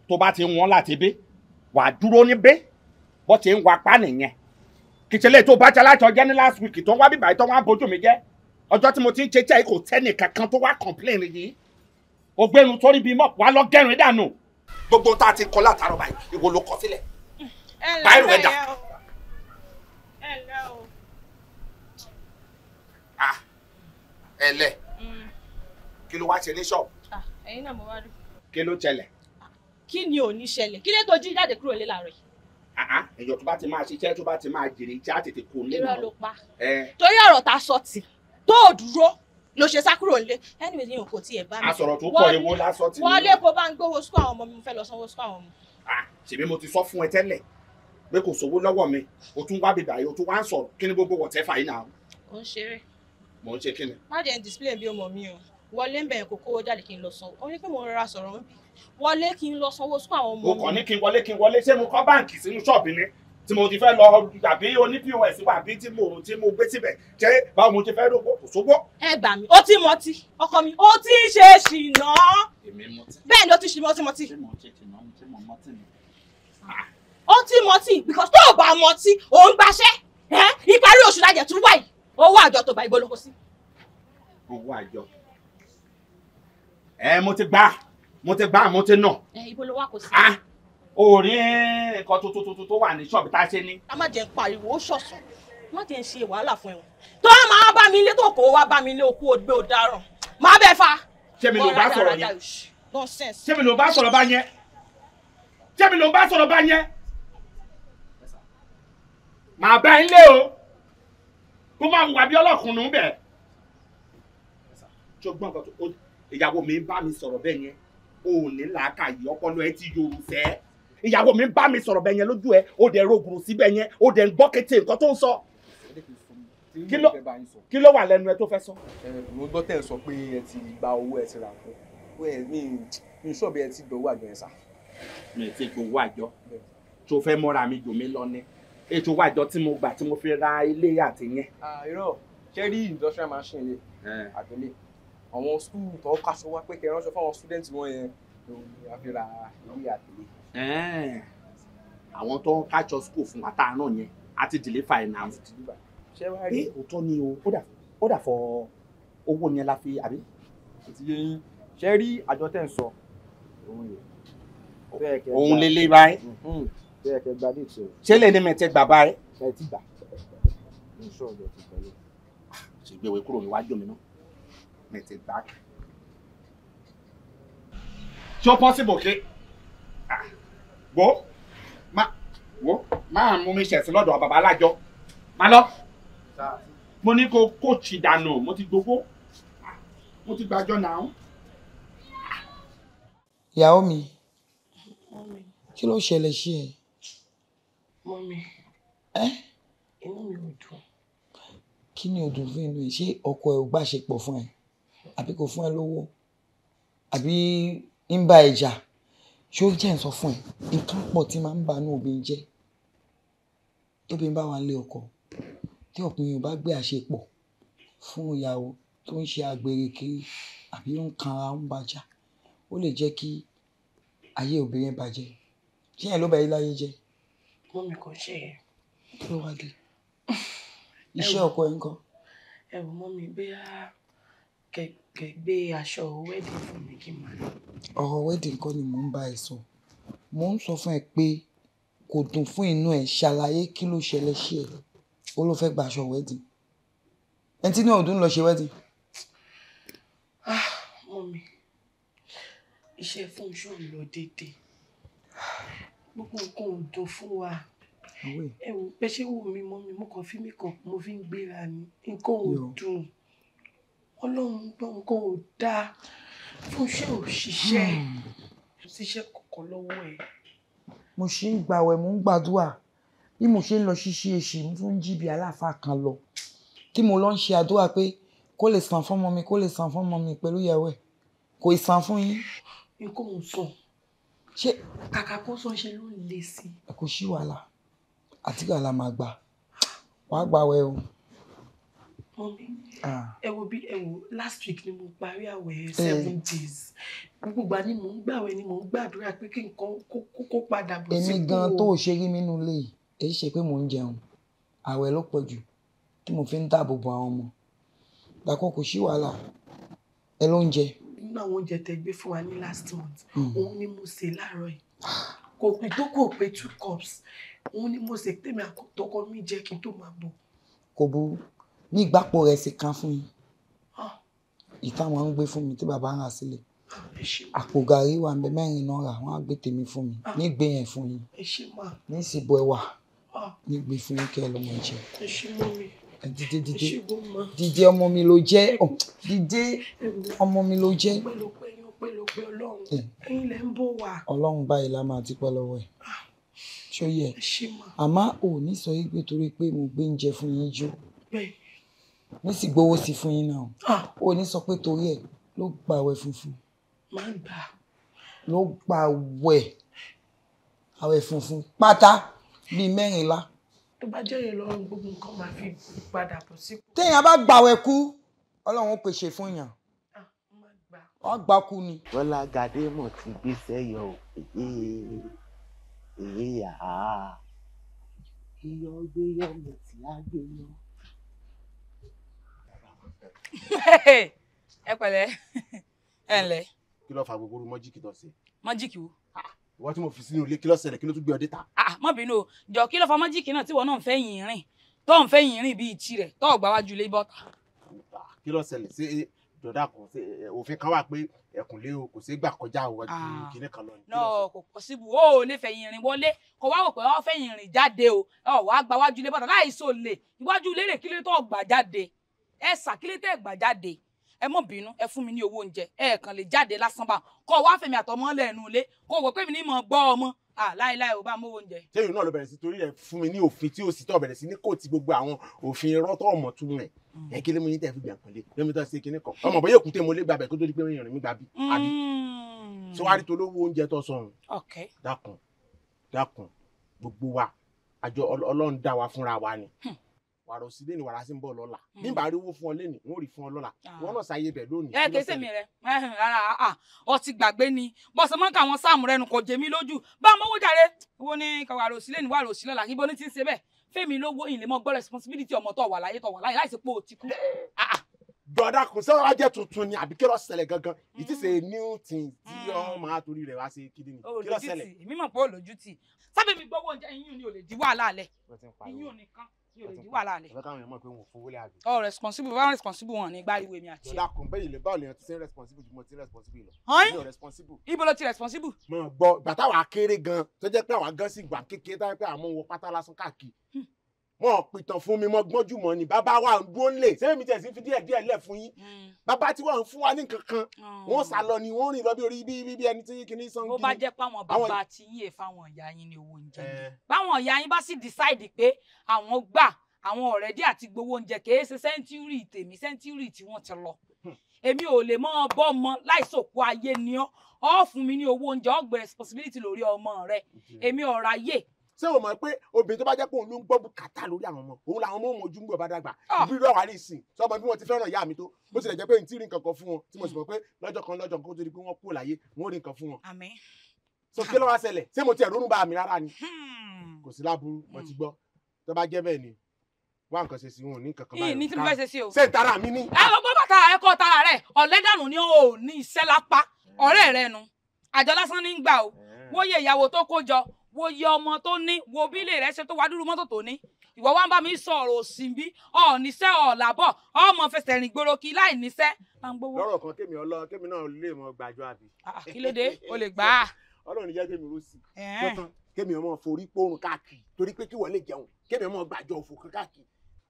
tó bá ti ń wọ́n láti bí wàá dúró ní bí bó ti ń wa pa nìyẹn kìtìlẹ̀ tó bá jalájọ jẹ́ ní last week tó ń wá bíbá yìí tó ń wá bójú mi jẹ́ ọjọ́ tí mo ti ń ṣe tẹ́ kò tẹ́nì kankan tó wá complain yìí ògbénu tó rí bíi mọ̀ wá lọ gẹ́rin dànù gbogbo tá a ti kọ́ látàrọ̀ báyìí ìwọ ló kọ sílẹ̀ báyìí rẹ̀ dà. Ah, ẹlẹ mm. kí ló wá ṣe ní ṣọ́ọ̀bù. Ah, ẹ̀yin náà mo wá rí. kí ló tẹlẹ̀ kí ni ò ní ṣẹlẹ̀ kí lè tó jí jáde kúrò nílé làárọ̀ yìí. Ah, ah, èèyàn tó bá ti máa ṣiṣẹ́ tó bá ti máa jèrè iṣẹ́ á tètè kó lé lọ. irọ́ ló pa torí ọ̀rọ̀ ta sọ tì tó ò dúró ló ṣe sá kúrò nílé anyway ni òkò tiẹ̀ bá mi. àsọ̀rọ̀ tó kọ ewo lásọ tí. wọ́n lé bó bá ń gbówó sukú àwọn ọmọ mi mo fẹ́ lọ sanwó sukú àwọn ọmọ. Ah, ṣèbí mo ti sọ fún ẹ tẹ́lẹ̀ pé kò sówó lọ́wọ́ mi o tún wá bèbè àyè o tún wá ń sọ̀rọ̀ kí ni gbogbo wọ̀tẹ́ fà yín náà. ò ń ṣeré. mò ń ṣe kí ni. má jẹ́ ń display bí ọmọ mi o wọlé ń bẹ̀rẹ̀ kókó jáde kí n lọ sanwó ó ní pé mo rọra sọ̀rọ̀ ń bì wọlé kí n lọ sanwó sún àwọn ọmọ mi. mo kàn ní kí n wọlé kí n wọlé ṣé mo kọ́ báǹkì sínú ṣọ́ọ̀bù ni tí mo ti fẹ́ lọ àbí oní pọ́s wà bí tí mo tí mo gbé síbẹ̀ ṣé báwo mo ti fẹ́ rògbò kò sógbó. ẹ gbà mí ó ti mọtí ọkọ mi ó ti ń ṣe ṣìnà bẹ́ẹ̀ ni ó ti ṣe mọtí mọtí. ó ti mọtí because tó o bá mọtí ò ń gbaṣẹ́ ìparí oṣù lajẹ̀ tún wáyé owó àjọ tó gba ìgbólókó sí. owó àjọ ẹ mo ti gbà mo ti gbá mo ti nà. ibo ló wà kò sí. Ah, o rí nǹkan tó tó tó wà ní ṣọ́ọ̀bù tá a ṣe ní. a má jẹ́ ń pariwo ó ṣọ̀sán má jẹ́ ń ṣe wàhálà fún ẹ̀wọ̀n tó wá máa bá mi ilé tó kó wá bá mi ilé òkú o ọ̀daràn má bẹ́ẹ̀ fa. ṣé mi ló bá sọ̀rọ̀ yẹn ṣé mi ló bá sọ̀rọ̀ bá yẹn ṣé mi ló bá sọ̀rọ̀ bá yẹn màá bá ń o kó máa wà bí ọlọ́kùnrin bẹ̀. ṣùgbọ́n ìyàwó mi bá mi sọ̀rọ̀ bẹ́ẹ̀ yẹn o ò ní làákàyè ọpọlọ ẹ ti yòrò sẹ́ ìyàwó mi bá mi sọ̀rọ̀ bẹ́ẹ̀ lójú ẹ o dẹ̀ rògùn síbẹ̀ yẹn o dẹ̀ ń gbọ́ kété nǹkan tó ń sọ kí ló wà lẹ́nu ẹ tó fẹ́ sọ. mo gbọ́ tẹ̀ sọ pé ẹ ti gba owó ẹ ti rà pọ̀ wẹ́ẹ̀ mi mi sọ̀bẹ̀ ẹ ti dọ̀wọ́ àjọ ẹ̀ sà. mi ti gbowó àjọ tó fẹ́ mọ́ra mi jù mí lọ ní ètò wàjọ tí mo gbà tí mo fi ra ilé àtìyẹn. Ah, irọ́ ṣé rí industrial machine lè àtẹlé àwọn skul tó ń kaṣọ wá pé kẹ́ ránṣọ fáwọn student wọn yẹn lòun ni a fi ra ìwé àtẹlé. àwọn tó ń kájọ skul fún wàtá náà yẹn a ti dìlífà ẹ̀ náà. ṣé wàá rí òótọ́ ni o ó dà fọ owó yẹn la fi àbí. àti yẹn ṣe rí àjọ tẹ̀ ń sọ òun yẹn òun lè lè báyìí. Mhm. ṣé lè ní mẹ́tẹ́ gbà báyìí. ṣe gbẹ̀wé kúrò níwájú mi náà met it back. ṣó possible ké wo má wo ma, mú mi ṣẹ̀sìn lọ́dọ̀ bàbá alájọ má lọ mo ní kó kóòtù dànù mo ti gbogbo mo ti gbàjọ náà. ìyàwó mi kí ló ṣẹlẹ̀ sí ẹ. mọ́mi inú mi ò dùn. kí ni ò dùn fún inú ẹ ṣé ọkọ ẹ ò gbàṣepọ̀ fún ẹ àbí kò fún ẹ lówó àbí ń bá ẹ jà ṣé ó jẹ́ ń sọ fún ẹ nǹkan pọ̀ tí máa ń banú obìnrin jẹ́ tóbi ń bá wa lé ọkọ tí ọkùnrin ò bá gbé àṣepọ̀ fún ìyàwó tó ń ṣe àgbèrè àbí ó ń kanra ń bàjá ó lè jẹ́ kí ayé obìnrin bàjẹ́ ṣé yẹn ló bá yí láyé jẹ́. mọ mi kò ṣe yẹn. ló wá dé [laughs] iṣẹ́ ọkọ ẹ̀ ń kọ́. ẹ wò mọ mi bóyá. Be kẹ gbé aṣọ wedding fún mi kí n máa lọ. ọ̀rọ̀ wedding kọ́ ni mò ń bá ẹ sọ mò ń sọ fún ẹ pé kò dùn fún inú ẹ ṣàlàyé kí ló ṣẹlẹ̀ sí ẹ ó ló fẹ́ gba aṣọ wedding ẹni tí ní ọdún lọ ṣe wedding. Ah, mọ́mí iṣẹ́ function lọ déédéé gbogbo nǹkan ò dùn fún wa ẹ wò pé ṣé wò mí mọ́mí mo kàn fi mí kàn mo fi ń gbéra ni nǹkan ò dùn ọlọ́run gbọ̀ngàn ò dáa fúnṣẹ́ ò ṣiṣẹ́ hmm. kò ṣiṣẹ́ kọ̀ọ̀kan lọ́wọ́ ẹ̀. mo ṣe ń gbàwẹ̀ mo ń gbàdúrà bí mo ṣe ń lọ ṣíṣe èṣì mo tún ń jíbi aláàfáà kan lọ tí mo lọ ń ṣe àdúrà pé kó lè sàn fún ọmọ mi kó lè sàn fún ọmọ mi pẹ̀lú ìyàwó ẹ̀ kò ì sàn fún yín. mi kò ń sọ ṣé kàkà kó sọ ṣe ló ń le sí i. ẹ kò sí wàhálà àtìgbà la máa gbà wàá gbà o mọ́mí ah. ẹ wo bí ẹ wo last week ni mo parí àwẹ̀ eh. seven days gbogbo ìgbà ni mò ń gbàwẹ̀ ni mò ń gbàdúrà pé kí nǹkan kó padà bọ̀ sípò. èmi gan tó ṣe rí mi nínú ilé yìí èyí ṣe pé mò ń jẹun àwẹ̀ ló pọ̀ jù tí mo fi ń dáàbò bo àwọn ọmọ dàkọ kò sí wàhálà ẹ ló ń jẹ. nínú àwọn oúnjẹ tẹ gbé fún wa ní last month hmm. òun ni mo sè láàárọ̀ yìí kò pé tó kò pé two cups òun ni mo sè tèmi àtọkọ mi jẹ kí n tó máa bọ̀. kò burú ní ìgbàpọ̀ rẹ̀ sì kan fún mi ìta wọn ń gbé fún mi tí bàbá ń rà sílẹ̀ àpò gàrí wà nbẹ mẹ́rin náà rà wọn á gbé tèmi fún mi ní gbé yẹn fún yín ní ìsìnbọ ẹwà ní gbé fún yín kẹ ẹ lọmọ jẹ dídé dídé dídé ọmọ mi ló jẹ dídé ọmọ mi ló jẹ pẹ̀lúpẹ̀ ọlọ́run ẹ̀yin máa ti pẹ́ lọ́wọ́ ẹ̀ ṣó yẹ àmọ́ ò ní sọ yí pé torí pé mo gbé oúnjẹ fún yín jó wọ́n sì gbowó sí fún yín náà ó ah. ní sọ pé torí ẹ̀ ló gba àwẹ̀ funfun máa ń gbà ló gba àwẹ̀ àwẹ̀ funfun pátá bíi mẹ́rìnlá. tó bá jẹ́ yẹn lọ́rùn gbogbo nǹkan máa fi padà bọ̀ sí. téèyàn bá gbàwẹ̀ kú ọlọ́run ó pèsè fún yàn wọ́n ah, gbà kú ni. bọ́lá gademọ ti gbéṣẹ́ yọ òye èyí yà á. iyọ̀ gbé yọ̀ mọ̀ gbé yọ̀. [laughs] ẹ pẹ̀lẹ́ ẹ ǹlẹ́. kí ló fa gbogbo mọ́jíkì tó ṣe. mọ́jíkì wo. ìwọ tí mo fi sínú ilé kí ló ṣẹlẹ̀ kí ló tún gbé ọ déta. Ah, má bínú o jọ kí ló fa mọ́jíkì náà tí wọn náà ń fẹ́ yìn rìn tó ń fẹ́ yìn rìn bíi tirẹ̀ tó ọ̀gbà wájú ilé bọ́ta. kí ló ṣẹlẹ̀ ṣé dọ̀dà kan òfin kan wà pé ẹ̀kúnlé o kò ṣeé gbà kọjá o ah. kìnìún kan lọ. náà kò pọ̀ síbu o ò lè fẹ̀yìn rìn wọlé kò wá wò pé wọ́n fẹ̀yìn rìn jáde o ọ̀ wá gba wájú ilé bọ́ta láìsò lè iwájú ilé rè kí ló tó ọ̀gbà jáde ẹ ṣàkílẹ̀ tẹ́ ẹ gbà jáde ẹ mọ̀ bínú ẹ fún mi ní owó oúnjẹ ẹ kàn lè jáde lásán bá kọ́ wá fèmí àtọmọ́ lẹ́nu ilé kó wò pé mi ní mọ̀ gbọ́ ọmọ láéláé ò bá mówó oúnjẹ. sẹ́yìn náà ló bẹ̀rẹ̀ sí torí ẹ fún mi ní òfin tí ó sì tọ́ bẹ̀rẹ̀ sí ní kò tí gbogbo àwọn òfin rọ́tọ́ ọmọ tún rẹ̀ ẹ mm. kí ló mú yín tẹ̀ fi gbà pẹ̀lẹ́ lómi tó ṣe kinní kan ọmọ bóyá èkúté mo lé gbàbẹ̀ kó tó di pé rìn mí gbàbí. Mm. sọ wá rí tolówó oúnjẹ tó sọrùn dákun dákun gbogbo wa àjọ ọlọ́run dá wa fúnra wa ni. Hmm wàrà òsì lẹ́nu wàrà sí ń bọ̀ lọ́la hmm. nígbà rí owó fún ọ lẹ́nu wọn ò rí fún ọ lọ́la ah. wọn náà ṣàyè bẹ̀ lónìí. ẹ kì í rẹ rárá àà ah, ọ ah, gbàgbé ni bọ́sẹ̀ àwọn sáàmù rẹ nù kò jẹ́ mi lójú bá a mọ́wó jàre wo ni wàrà òsì lẹ́nu wàrà òsì lọ́la ibo ni ti ń ṣe bẹ́ẹ̀ fẹ́mi lówó ìlẹ̀ mọ́ gbọ́ responsibility ọmọ tó wà láyé tó wà láyé láìsí pé o ti kú broda kò sọ wá jẹ tuntun ni àbí kí ló ṣẹlẹ̀ gangan hmm. it is new thing tí hmm. ọ máa torí rẹ wá sí kídìní kí ló ṣẹlẹ̀. èmi mọ̀ pé olójú sábẹ́ mi gbọ́wọ́ oúnjẹ iyún ni ò lè di wàhálà alẹ́ iyún nìkan mi ò lè di wàhálà lẹ. ọ̀rẹ́ káwọn èèyàn mọ̀ pé wọn ò fowó lé àgbẹ̀. ọ responsible bá responsible wọn ní gbáriwo èmi àti ẹ. lọ́dà kan bẹ́yìn lè báwo lèèyàn ti ṣe responsible ju mo ti responsible lọ. ọyìn ibo ló ti responsible. mo gbọ́ gbàtà wà kéré gan tó jẹ́ pé àwa gan sì gbà kékeré táwọn pé àmọ́ wọ pátá lásán káàkiri hmm wọn ò pìtàn fún mi mọ gbọ́njú mọ́ ni bàbá wa ń dúró ńlẹ̀ sẹ́yìn mi tẹ̀sí fi díẹ̀ díẹ̀ lẹ̀ fún yín hmm. bàbá tí wọ́n ń fún wa ní kankan hmm. wọ́n sá lọ ni wọ́n rìn lọ bí orí bí bí ẹni tí kìíní san kí. bó bá jẹ́ páwọn bàbá tí yín fáwọn ìyá yín ni owó oúnjẹ ni eh. báwọn ìyá yín bá sì decide pé àwọn gbà àwọn ọ̀rẹ́dí àti gbowó oúnjẹ kì í ṣe sẹ́ńtúrì tèmi sẹ́ńtúrì tí wọ́n ti lọ hmm. èmi ò lè mọ bọ́ ọmọ láìsòkò ayé ni ọ́ ọ́ fún mi ní owó oúnjẹ ọ̀gbẹ́ responsibility lórí ọmọ rẹ èmi ọ̀rọ̀ ayé ṣé o mọ̀ pé obìnrin tó bá jẹ́ pé òun ló ń gbọ́ bùkátà lórí àwọn ọmọ òun làwọn ọmọ òun ojú ń gbọ̀ bá dàgbà ah. ìbírú àwọn àrísìn sọmọ bí wọ́n ti fẹ́ràn ìyá mi tó bó tilẹ̀ jẹ́ pé n tí rí nǹkan kan fún wọn tí mo sì mọ̀ pé lọ́jọ́ kan lọ́jọ́ kan tó di pé wọ́n kú láyé wọ́n rí nǹkan fún wọn. àmín. sọ kí ló wá ṣẹlẹ̀ ṣé mo tiẹ̀ ronú bá mi rárá ni hmm. kò sí láburú mo ti gbọ́ tó tara mi ní. ẹ lọ gbọ́ bàtà ẹ̀kọ́ tara rẹ̀ ọ̀lẹ́dànù ni ó ní iṣẹ́ lápá ọ̀rẹ́ rẹ nu àjọ lásán ní gbà o wọ́n hmm. yẹ ìyàwó tó wo yẹ ọmọ tó ní wo bí ilé rẹ ṣe tó wá dúró mọ́tò tó ní ìwọ wá ń bá mi sọ̀rọ̀ òsì bí ọ̀ọ́nìṣẹ́ ọ̀làbọ̀ ọmọ fẹsẹ̀ rìn gbòòrò kí láì níṣẹ́. lọ́rọ̀ kan kémi ọlọ́run kémi náà lè mọ gbàjọ àbí. kí ló dé o lè gbà á. [laughs] ọlọ́run jẹ́ kémi ro sí kémi ọmọ forí pòrùn káàkiri torí pé kí wọ́n lè jẹun kémi ọmọ gbàjọ òfò káàkiri.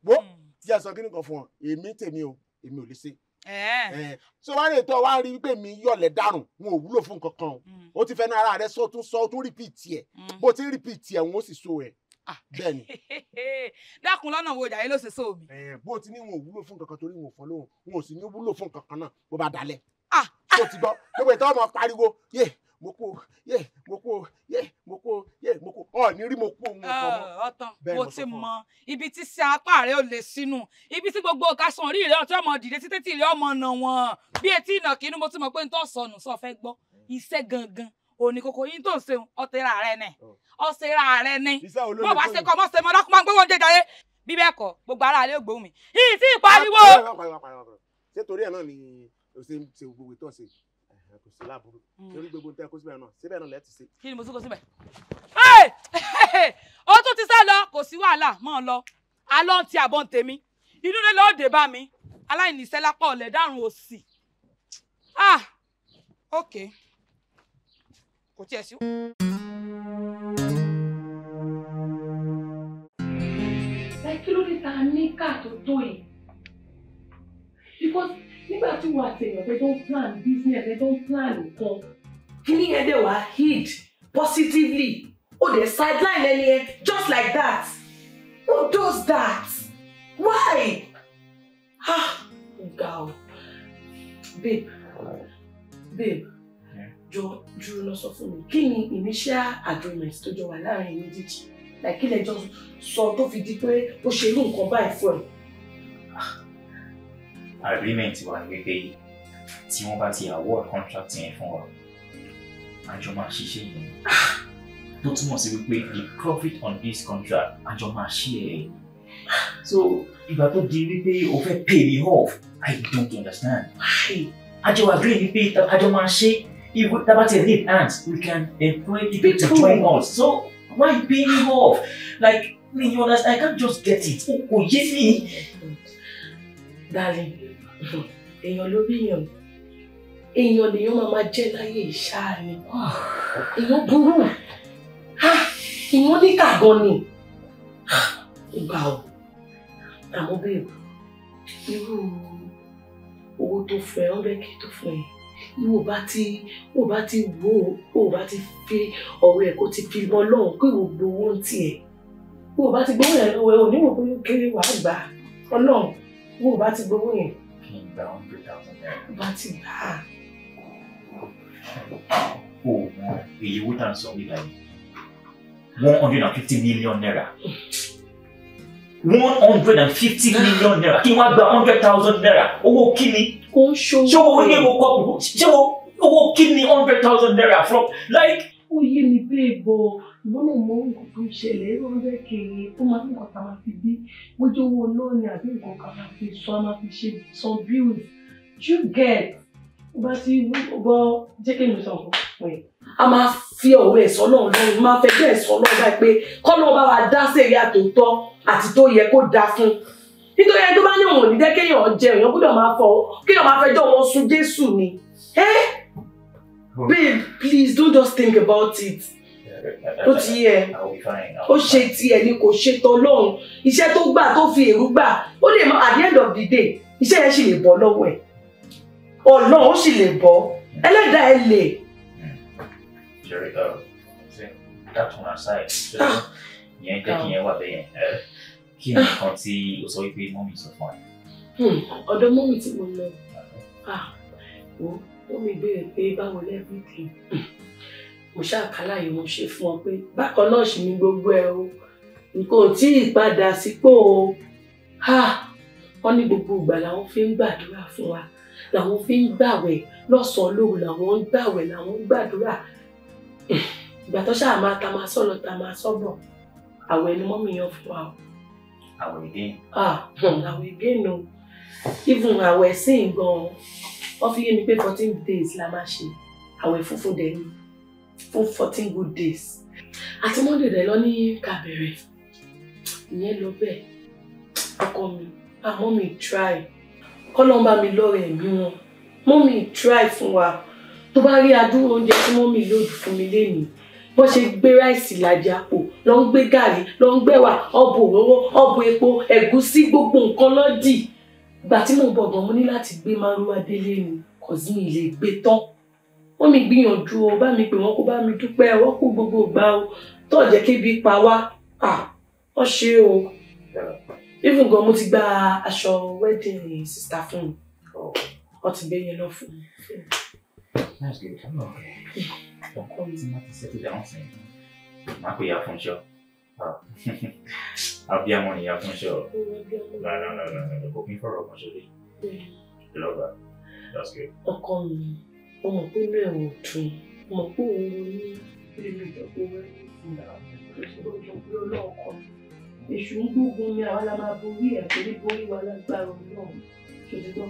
wo ti hmm. a sọ kí ni kan fún ọ èmi tèmi o èmi ò lè ṣe Eh. Eh, so wá rè tó wá rí wípé mi yọ̀lẹ̀ dànù wọn ò wúlò fún kankan o mm. ó ti fẹ́ nu ara rẹ sọ́tún sọ́tún rìpìtì ẹ̀ mm. bó ti rìpìtì ẹ̀ wọn ó sì so ẹ̀ ah. bẹ́ẹ̀ ni. [laughs] dákun lọ́nà wo ìjàyè ló ṣe so mi. Eh, bó ti ní wọn ò wúlò fún kankan torí wọn ò fọ́ lóhùn wọn ò sì ní wúlò fún kankan náà bó bá dalẹ̀. tó ah. ti gbọ́ gbogbo ìtọ́ ọmọ pariwo yé mo kú o yé mo kú o yé mo kú o yé mo kú o ọ ní rí mo kú òun ọkọ mọ. ọtàn mo ah, ti mọ ibi tí sí apá rẹ ò lè sínú ibi tí gbogbo kásán orí rẹ ọtí ọmọ dìde títí tí rẹ ọmọ nà wọn bí etí ìnàkí inú mo ti mọ pé n tó sọnù sọ fẹ́ gbọ́ iṣẹ́ gangan òní kòkò yín tó ń ṣeun ọtẹra rẹ ni ọsẹra rẹ ni bó bá ṣe kọ mọ ṣe mọ lọkùnmọ gbogbo oúnjẹ jàre bí bẹ́ẹ̀ kọ́ gbogbo ara rẹ gbóhùn mi ì ah, kò sí láàbùrù lórí mm. gbogbo tẹ kó síbẹ̀ náà síbẹ̀ náà lẹ́ẹ̀tì sí. kí ni mo tún kó síbẹ̀. ó tún ti sá lọ kò sí wàhálà mọ́ ọ lọ alọ́ ti àbọ̀ ń tèmi inú lé lọ́ọ́ dé bá mi aláìníṣẹ́ lápá ọ̀lẹ̀ dárùn òsì. ah ok kò tiẹ̀ sí. ẹ kí ló dé ta ní káà tó yìí because nígbà tí wọn àtẹ̀yàn pé tó ń plan business ẹ tó ń plan nǹkan kíní yẹn dẹ̀ wá hid positively ó dẹ̀ sideline ẹni yẹn just like that who does that why ah nga o babe babe jọ dúró lọ sọ fún mi kí ni initial agreement tó jọ wà láàrin méjèèjì like kí lẹ jọ sọ tó fi di pé ó ṣe irú nǹkan báyìí fún ẹ agreement wa ni wípé tí wọ́n bá ti award contract yẹn fún wa àjọ máa ṣiṣẹ́ yẹn tó túmọ̀ sí wípé the profit on this contract àjọ máa ṣe ẹ̀ so ìgbà tó di wípé o fẹ́ pay me off I don't understand why àjọ agree wípé àjọ máa ṣe ìwé tábàtì need hands we can employ people to join us so why pay me off like me you understand I can't just get it o kò yé mi. darling èèyàn ló bí èèyàn èèyàn lèèyàn máa máa jẹ́ láyé ìṣáà ni èèyàn burú ìwọ́n ní kàgan ni ìgbà ọ̀ àmọ́ bẹ́ẹ̀ irú owó tó fún ẹ ọ̀bẹ́kì tó fún ẹ ìwọ bá ti ìwọ bá ti wò ó ìwọ bá ti fi ọ̀rọ̀ ẹ̀ kó ti fi mọ́ lọ́hùn kó ìwọ gbowó ń tiẹ̀ ìwọ bá ti gbowó yẹn lọ́wọ́ ẹ ò níwò bóyá kéré wàá gbà ọlọ́run ìwọ bá ti gbowó yẹn gba hundred thousand naira. bá ti gbà á. o mọ èyí owó tá à ń one hundred and fifty million naira one hundred and fifty million naira kí wọ́n gba hundred thousand naira owó kíni. ó ń ṣòwò ṣòwò oníyẹ wo kọ́ọ̀pù ṣòwò owó kíni hundred thousand naira from like. ó yé mi bẹ́ẹ̀ bọ̀ mo lè mọ nǹkan tó ń ṣẹlẹ̀ irú ọjọ́ kiri tó máa ń nǹkan tá a máa fi bí bójú owó náà ni àbí nǹkan ká máa fi sọ a máa fi ṣe some bills you get ó bá ti gbọ́ jẹ́ kí mi sọ fún ẹ. a máa fi ọ̀rọ̀ ẹ̀ sọ́nà ọ̀dọ́ máa fẹ́ bẹ́ẹ̀ sọ́nà ọ̀dọ́ pé kọ́nà bá wa dá sẹ́yà tó tọ́ àti tó yẹ kó dáa fún nítorí ẹni tó bá ní òun ò ní jẹ́ kéèyàn jẹ èèyàn gbọ́dọ̀ máa fọ kéèyàn máa fẹjọ́ wọn sùn Jésù ni. Eh? Oh. Babe, please don't just think about it ó ti yẹ ó ṣe tiẹ̀ ni kò ṣe tọlọ́run iṣẹ́ tó gbà tó fi èrú gbà ó lè má at the end of the day iṣẹ́ yẹn sì lè bọ́ lọ́wọ́ ẹ̀ ọ̀nà ó sì lè bọ́ ẹlẹ́dàá ẹ lè. jerry hmm. that one aside ah. yẹn jẹ́ kí yẹn wà bẹ́ẹ̀ yẹn eh? kí ni ah. nǹkan tí o sọ wípé mọ́mì sọ fún ẹ. Hmm. ọ̀dọ̀ mọ́mì tí mo lọ ah. wo mọ́mì béèrè pé báwo lẹ́ẹ̀bì kì í mo ṣàkàlàyé mo ṣe fún ọ pé bákan náà ṣì ní gbogbo ẹ o nǹkan ò tí ì padà sípò o wọ́n ní gbogbo ìgbà làwọn fi ń gbàdúrà fún wa làwọn fi ń gbàwẹ̀ lọ́sàn-án lóru làwọn ń gbàwẹ̀ làwọn ń gbàdúrà ìgbà tó ṣáà máa ta máa sọ̀lọ̀ ta máa sọ́bọ̀ àwẹ̀ ni mọ́mí yan fún wa o. àwẹ̀ again. Ah, hmm, àwẹ̀ again o even àwẹ̀ sí gan-an wọ́n fi yé mi pé fourteen days la máa ṣe àwẹ̀ funfun dẹ̀ ni fún fourteen good days àti monday rẹ̀ lọ ní kàbẹ̀rẹ̀ ìyẹn lọ bẹ́ẹ̀ ọkọ mi àmọ́ mi try kọ́lọ́n bá mi lọ́rọ̀ ẹ̀mí wọn mọ́ mi try fún wa tó bá rí adúrò oúnjẹ tí mọ́ mi lòdù fún mi lénìí wọ́n ṣe gbé ráìsì làjẹ àpò lọ́ ń gbé gàrí lọ́ ń gbẹ̀wà ọ̀bù òróró ọ̀bù epo ẹ̀gúsí gbogbo nǹkan lọ́dì ìgbà tí mo bọ̀gàn mo ní láti gbé márúwá délé ni kò sí mi gbé tán wọ́n mi gbìyànjú o bá mi pè wọ́n kó bá mi dúpẹ́ wọ́n kú gbogbo gbà o tó jẹ́ kébi pa wá wọ́n ṣe o even gan mo ti gba aṣọ wedding sister fún mi wọ́n ti gbé yẹn lọ fún mi. That's good. I'm okay. Ọkọ mi. Má ti settle down sí i. Má pè ya fún ṣọ́. Abíamọ ah. [laughs] ni ya fún ṣọ́. Rárá rárá rárá. Kò pín fọ̀rọ̀ kan ṣe lé. Lọ́gbà. That's good. Ọkọ mi ọmọ pé inú ẹ̀ ò dùn ọmọ pé òun ronú nínú ìjọba owó ẹ̀ ìgbà lóṣù pé ọlọ́ọ̀kọ́ èṣù ń gbógun ni àwa la máa borí ẹ̀ torí borí wa lágbára náà ṣòtítọ́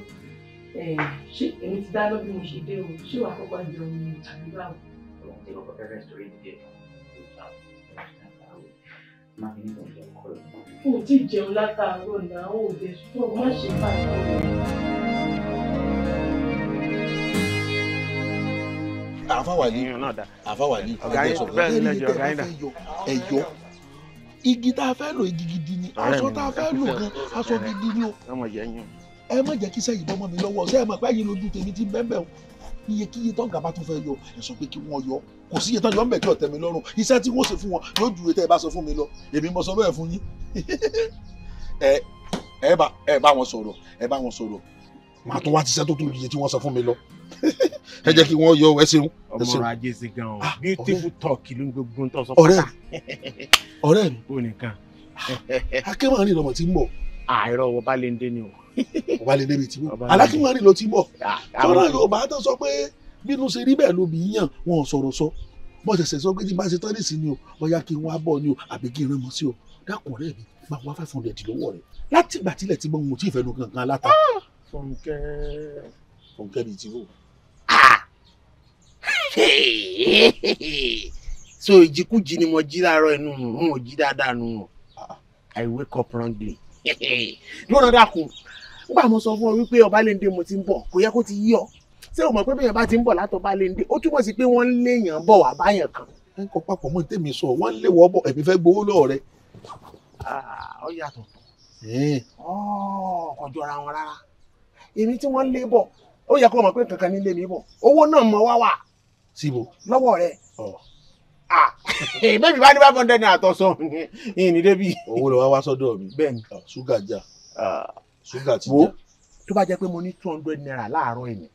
ṣé èmi ti dáná bí mo ṣe dé o ṣé wàá kọ́kọ́ jẹun ní àbí báwo. Mo ti jẹun látàárọ̀ náà, ó dẹ̀ sọ, má ṣe bá a lọ. àfàwálì àfàwálì ọgá yín bẹ́ẹ̀ ni ẹjọ ọgá yín dà ẹyọ igi tá a fẹ́ lò igi gidi ni aṣọ tá a fẹ́ lò gan aṣọ gidi ni o ẹ má jẹ́ kí sẹ́yìn bọ́mọ mi lọ́wọ́ ṣé ẹ mọ̀ pé ẹ̀yin lójú tèmi ti bẹ́ẹ̀ o iye kíye tó ń gàba tó fẹ́ yọ ẹ sọ pé kí wọ́n yọ kò sí iye tó ń yọ ń bẹ̀ kí ọ̀tẹ̀ mi lọ́rùn iṣẹ́ tí wọ́n ṣe fún wọn yóò ju ètò ẹ bá sọ fún mi lọ èmi mo sọ bẹ́ẹ̀ fún yín [laughs] ẹ ẹ bá wọn sọ̀rọ̀ ẹ bá wọn sọ̀rọ̀ màá tún wá ti ṣẹ́ tó tún yíye tí wọ́n sọ fún mi lọ [laughs] ẹ jẹ́ kí wọ́n yọ ẹ ṣeun. ọmọ ajé ṣe gan o ah, beautiful talk ló ń gbogbo ń tọ́ sọ fún ta. ọ̀rẹ́ mi kò nìkan. akẹ́wọ̀n rìn lọmọ tí ń bọ̀. àìrọ̀ ah, wọ bá lè ń dé ni o. wọ bá lè dé mi tí ń bọ̀ rìn lọ tí ń bọ̀. tọ́lá yorùbá tó sọ pé bínú ṣe rí bẹ́ẹ̀ ló bí yàn wọn ò sọ̀rọ̀ sọ bọ́ ṣẹ̀ṣẹ̀ sọ pé tí bá ṣe tán nìsín ni o bóyá kí n wá bọ̀ ni o àbí kí n rán mọ́ sí o dákun ọ̀rẹ́ mi máa wá five hundred lówó rẹ̀ látìgbà tílẹ̀ tí mo ti fẹ́ nu kankan láta ah! fúnkẹ́ fúnkẹ́ bíi ti wò. so ìjikúji ni mo jí láàárọ̀ inú mi ò jí dáadáa nù wọn i wake up wrongly. lọ́nà [laughs] dàkún nígbà mo sọ fún ọ wípé ọbalẹ́ndé mo ti ń bọ̀ kò yẹ ti yí ọ o mọ̀ pé bẹ́ẹ̀ bá ti ń bọ̀ látọ̀ bá lé ní ó túmọ̀ sí pé wọ́n ń léèyàn bọ̀ wá báyàn kan. ẹ ń kọ papọ̀ mọ́ tèmi sọ wọ́n ń lé wọ́ bọ̀ èmi fẹ́ gbowó lọ́wọ́ rẹ. ọ ah, yàtọ̀ ọ kò jọra wọn èmi tí wọ́n lé bọ̀ ó yẹ kó mọ̀ pé kankan nílé mi bọ̀ owó náà mọ̀ wá wà síbò lọ́wọ́ rẹ̀ [laughs] bẹ́ẹ̀ni bá ní bá fọ́ndẹ́ ní àtọ́sán ìní débi. owó lọ wá wá sọ́dọ̀ mi bẹ́ẹ̀ni ṣúgà jà ṣúgà ti jà. tó bá jẹ́ pé mo ní two hundred naira láàárọ̀ ìní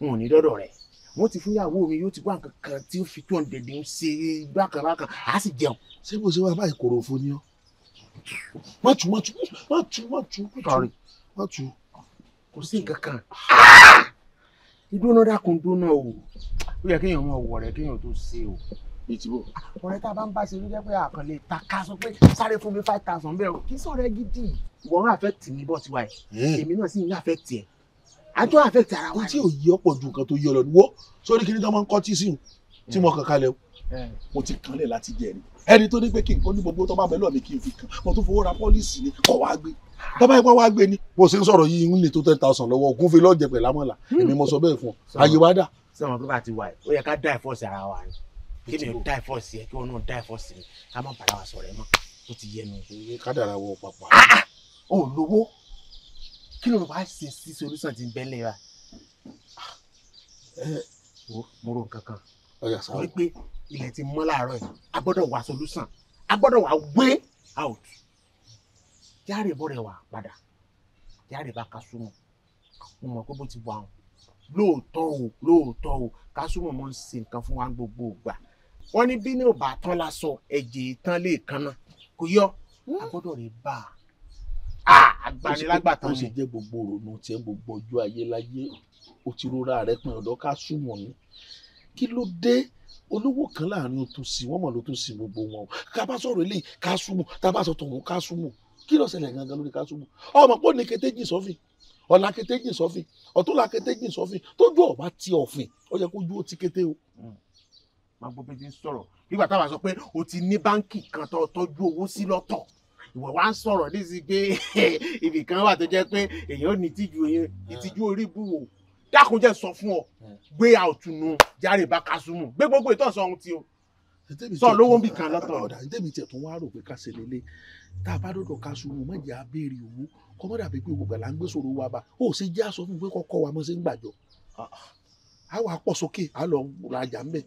n ò ní dọ́dọ̀ rẹ̀ wọ́n ti fúnyàwó mi yóò ti wá nǹkan kan tí ó fi two hundred ń ṣe bákanbákan á sì jẹun. ṣé bó ṣe wá báyìí kòròfo ni ọ. má tu má tu má tu má tu má tu kò sí nǹkan kan ìdúná dákun dúná o ó yẹ kéèyàn mọ ọwọ́ rẹ kéèyàn tó ṣe o. ìtìbò. ọ̀rẹ́ tá a bá ń bá ṣe ló jẹ́ pé àkànlè ta ká sọ pé sáré fún mi five thousand bẹ́ẹ̀ o kì í sọ̀rọ̀ ẹ gidi. ìwọ náà fẹ́ tì mí bọ́ tiwa ẹ̀ hmm. èmi náà sì ń fẹ́ tì ẹ̀ àjọ àfẹ́ tì ara wa rẹ̀. tí ò yí ọ̀pọ̀ ju nǹkan tó yí ọ lọ ni wo sórí kí ni tó máa ń kọ́ tí sí tí mo kàn kalẹ̀ o eh. mo ti kanlẹ̀ láti jẹ́ ẹni ẹni tó ní pé kí nǹkan ní gbogbo tó bá bẹ lọ́ọ̀ mi kí n fi kàn mo tún fowó ra pọ́líìsì tọ́ba ipá wá gbé ni bó ṣe ń sọ̀rọ̀ yìí ń lè tó ten thousand lọ́wọ́ gúnfẹ́ lọ́jẹ̀ pẹ̀lú amọ̀là hmm. èmi mo sọ bẹ́ẹ̀ fún ọ ayé wa dà. sọmọ pípa ti wà ó yẹ ká dá ìfọ́sì ara wa ni kí ni dá ìfọ́sì ẹ kí wọn náà dá ìfọ́sì mi ká má bàrà wa sọ̀rọ̀ ẹ mọ́ tó ti yẹ nu. ká dàra wọ pàpà. Ah, ah! ó lówó kí ló wàá ṣe sí solúsàn ti bẹ́lẹ̀ wa. Ah, eh, mo rò nǹkan kan wọ́n pé ilẹ̀ ti mọ́ láàárọ̀ yìí a gbọ́dọ̀ wá solúsàn a gbọ́dọ̀ wá way out yáàrè bọ́ rẹ̀ wà padà yáàrè bá kásùmù mo mọ̀ pé bó ti wà lóòótọ́ o lóòótọ́ o kásùmù mọ̀ ń ṣe nǹkan fún wa gbogbo ìgbà wọ́n ní bí ní òbá tán lásọ ẹ̀jẹ̀ tán lè kanna kò yọ agbọ́dọ̀ hmm. rè bá a ah! ah! agbanilágbàtàn ni. ó sì jẹ́ gbogbo ronú tiẹ̀ gbogbo ọjọ́ ayé láyé ó ti rora rẹ̀ pin ọ̀dọ́ kásùmù ni kí ló dé olówó kan láàrin otòsí wọn mọ ló sí gbogbo wọn ká bá sọ̀rọ̀ eléyìí kásùmù tá a sọ tọhún kásùmù kí ló ṣẹlẹ̀ gangan lórí kásùbù ọmọ pò ní kété jìn sọ́fìn ọ̀nà kété jìn sọ́fìn ọ̀túnla kété jìn sọ́fìn tójú ọ̀bá ti ọ̀fìn ó yẹ kójú ó ti kété o. Hmm. máa gbọ́ bí ti ń sọ̀rọ̀ nígbà táwa sọ pé o ti ní báńkì kan tó tọ́jú owó sí lọ́tọ̀ ìwọ wá ń sọ̀rọ̀ nísìsiyìí pé [laughs] ibì kan wà tó jẹ́ pé èèyàn ní ìtìjú èèyàn hmm. ìtìjú orí bù wò dákun jẹ́ sọ fún ọ hmm. gbé àòtúnú járe bá kásùmù gbé gbogbo ìtọ́sọ ohun ti o sọ lówó ń bì kan lọ́tọ̀ ọ̀dà ntẹ̀mí tiẹ̀ tún wá rò pé ká ṣe lélẹ̀ tá a bá dọ̀dọ̀ ká sùn wọn mọ̀jẹ̀ abéèrè òun kọ́mọ́dà pé gbogbo gbàlá ń gbé sòrò wa bá ó ṣe jẹ́ aṣọ fún un pé kọ́kọ́ wa mọ̀ ṣe ń gbàjọ a wà pọ̀ sókè a lọ rajà ń bẹ̀.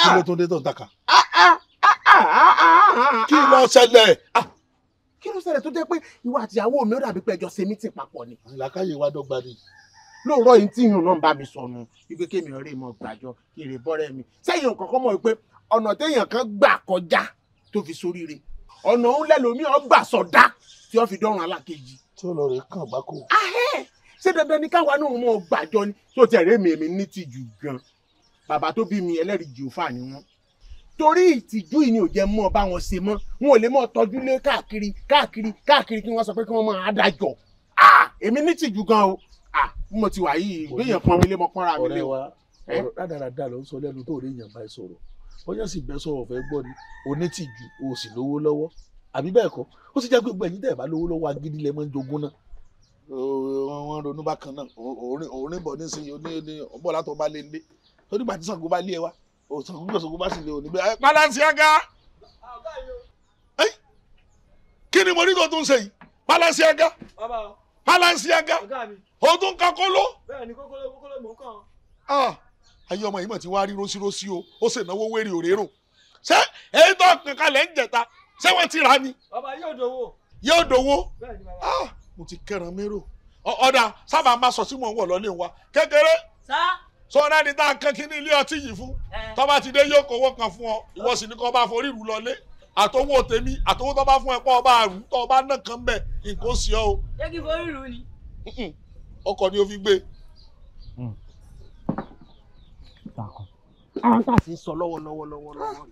kí ló tó dé tó ń takà. kí ló ṣẹlẹ̀. kí ló ṣẹlẹ̀ tó jẹ́ pé ìwà àtìyàwó mi ó dàbí pé ẹjọ́ ṣe ti papọ̀ ni. àlàkáyé wa dọ́gba ni lóòrọ̀ yìí tí yìnyín náà ń bá mi sọnù wípé kémi ọ̀rẹ́ mọ̀ gbàjọ kí èrè bọ́rẹ́ mi sẹ́yìn nǹkan kan mọ̀ wípé ọ̀nà téèyàn kan gbà kọjá tó fi soríire ọ̀nà òun lẹ́lòmíì ọgbà sọ̀dá tí wọ́n fi dọ́rùn alákejì. tí ó lọ rè kàn bá kò. ṣé dandan ni káwa náà mọ̀ gbàjọ ni tó ti ẹ̀rẹ́ mi èmi ní tìjú gan bàbá tó bí mi ẹlẹ́rìí jòfà ni wọ́n torí ìtìjú yìí ni ò jẹ́ mọ́ bá wọn ṣe mọ́ wọn ò lè mọ́ tọ́jú lé káàkiri káàkiri káàkiri kí wọ́n sọ pé kí wọ́n máa dájọ́ ah! èmi ní tìjú gan o mo ti wà yìí gbéyàn pọn mi lé mọ pọnra mi lé o. rádaràda ló ń sọ lẹ́nu tó rí èèyàn bá bóyá sì bẹ sọ̀rọ̀ fẹ́ gbọ́ ni onítìjú o sì lówó lọ́wọ́ àbí bẹ́ẹ̀ kọ́ ó sì jẹ́ gbogbo ẹ̀yin tẹ́ ẹ bá lówó lọ́wọ́ agídí lẹ jogún náà. wọ́n ronú bákan náà òórìn bọ̀ nísìnyí oní ọ̀bọ̀ látọ̀ bá lé lé torí gbàtí Ṣàngó bá lé ẹ wá Ṣàngó bá sì lé òní bẹ́ẹ̀ aga kí ni mo rí kó tún ṣe yìí padà aga. Balenciaga o tún ka kóló. kókóló kókóló mò ń kàn. ah ayé ọmọ yìí mà ti wá rí rosírósí o ó sì náwó wéré òrérò ṣé èyí tó kàn kalẹ̀ ń jẹ̀ta ṣé wọ́n ti rà ni. ọba yóò dowó. yóò dowó ah mo ti kẹran mérò ọ̀dà sábà máa sọ sí mò ń wọ̀ lọ́lé wa kékeré. sá sọ́ra ni tá a kan kí ní ilé ọtí yìí fún tọ́ba ti dé yóò kówó kan fún ọ ìwọ sì ni kò bá forí ìlú lọlé àtọwọ́ tèmi àtọwọ́ tó bá fún ẹ pọ̀ ọba àrùn tó ọba náà kan bẹ̀ nǹkan sí ọ o. ṣé kí n forí rù ni. ọkọ̀ ni o fi gbé. Hmm. àwọn tá a sì ń sọ lọ́wọ́lọ́wọ́ lọ́wọ́ lọ́wọ́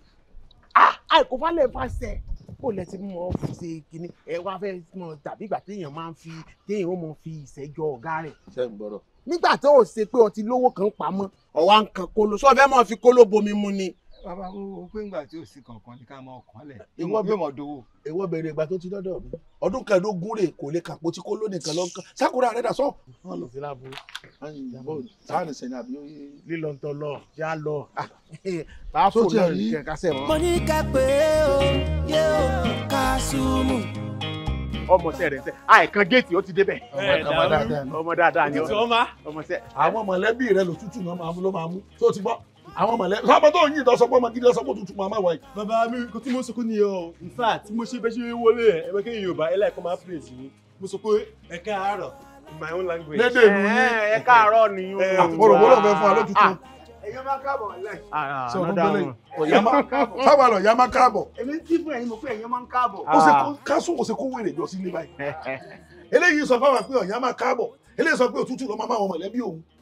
àìkú falẹ̀ fàṣẹ ó lẹ ti mọ ṣe kínní ẹ wá fẹ́ mọ tàbí ìgbà téèyàn máa ń fi téèyàn ó mọ fi ìṣẹ́jọ ọ̀gá rẹ̀. ṣé ń gbọ́dọ̀. nígbà tó o ṣe pé ọtí lówó kan pamọ́ ọ̀wá nǹkan kóló sọ fẹ́ mọ́ fi kóló bomi mu ni bàbá wo pé ńgbà tí ò sí kankan ní ká mọ ọkàn lẹ ìwọ bí mo dowó. ìwọ bèrè ìgbà tó ti dọ́dọ̀ mi ọdún kẹẹ̀ẹ́dógún rè kò lè kàpó tí kò lónìí kan lọ́nkàn sákòrò àrẹ́dà sọ. wọn lò sí láàbù sáàni sẹni àbí. lílọ ń lọ yá lọ ah, [laughs] eh, bá fò náà kẹka sẹ wọn. mo ní ká pé o yé o ká súnmù. ọmọ rẹ àìkan géètì ó ti débẹ̀. ọmọ dáadáa ni ọmọ dáadáa ni ọmọ àwọn mọ̀lẹ́bí rẹ àwọn mọ̀lẹ́ sábà tó ń yìn ìdásọ́pọ̀ ọmọ gidi lọ́sọ́pọ̀ tuntun màmá wa yìí. bàbá mi kò tí mo sọ pé ni o in fact tí mo ṣe bẹ́ẹ̀ ṣe wọlé ẹ̀ ẹ̀mẹ́kẹ́ yorùbá ẹ̀ láìpẹ́ máa praise mi mo sọ pé ẹ káàárọ̀ in my own language. lédè ìlú yín eh, eh, ẹ káàárọ̀ nìyó. bọ̀rọ̀bọ̀rọ̀ eh, fẹ́ fún alójútùú. Ah, ah. ẹ̀yọ́ ah, máa káàbọ̀ láì. sábà lọ ya máa káàbọ̀. èmi tí fún ẹ̀yin mo pé ẹ̀yọ́ máa ń káàbọ̀. ó ṣe kó kásùn ó ṣe kó wèrè jọ sí ilé báyìí. [laughs] eléyìí sọ fáwọn pé ọ̀yá máa káàbọ̀ eléyìí sọ pé òtútù lọ́ máa bá wọn mọ̀lẹ́bí òun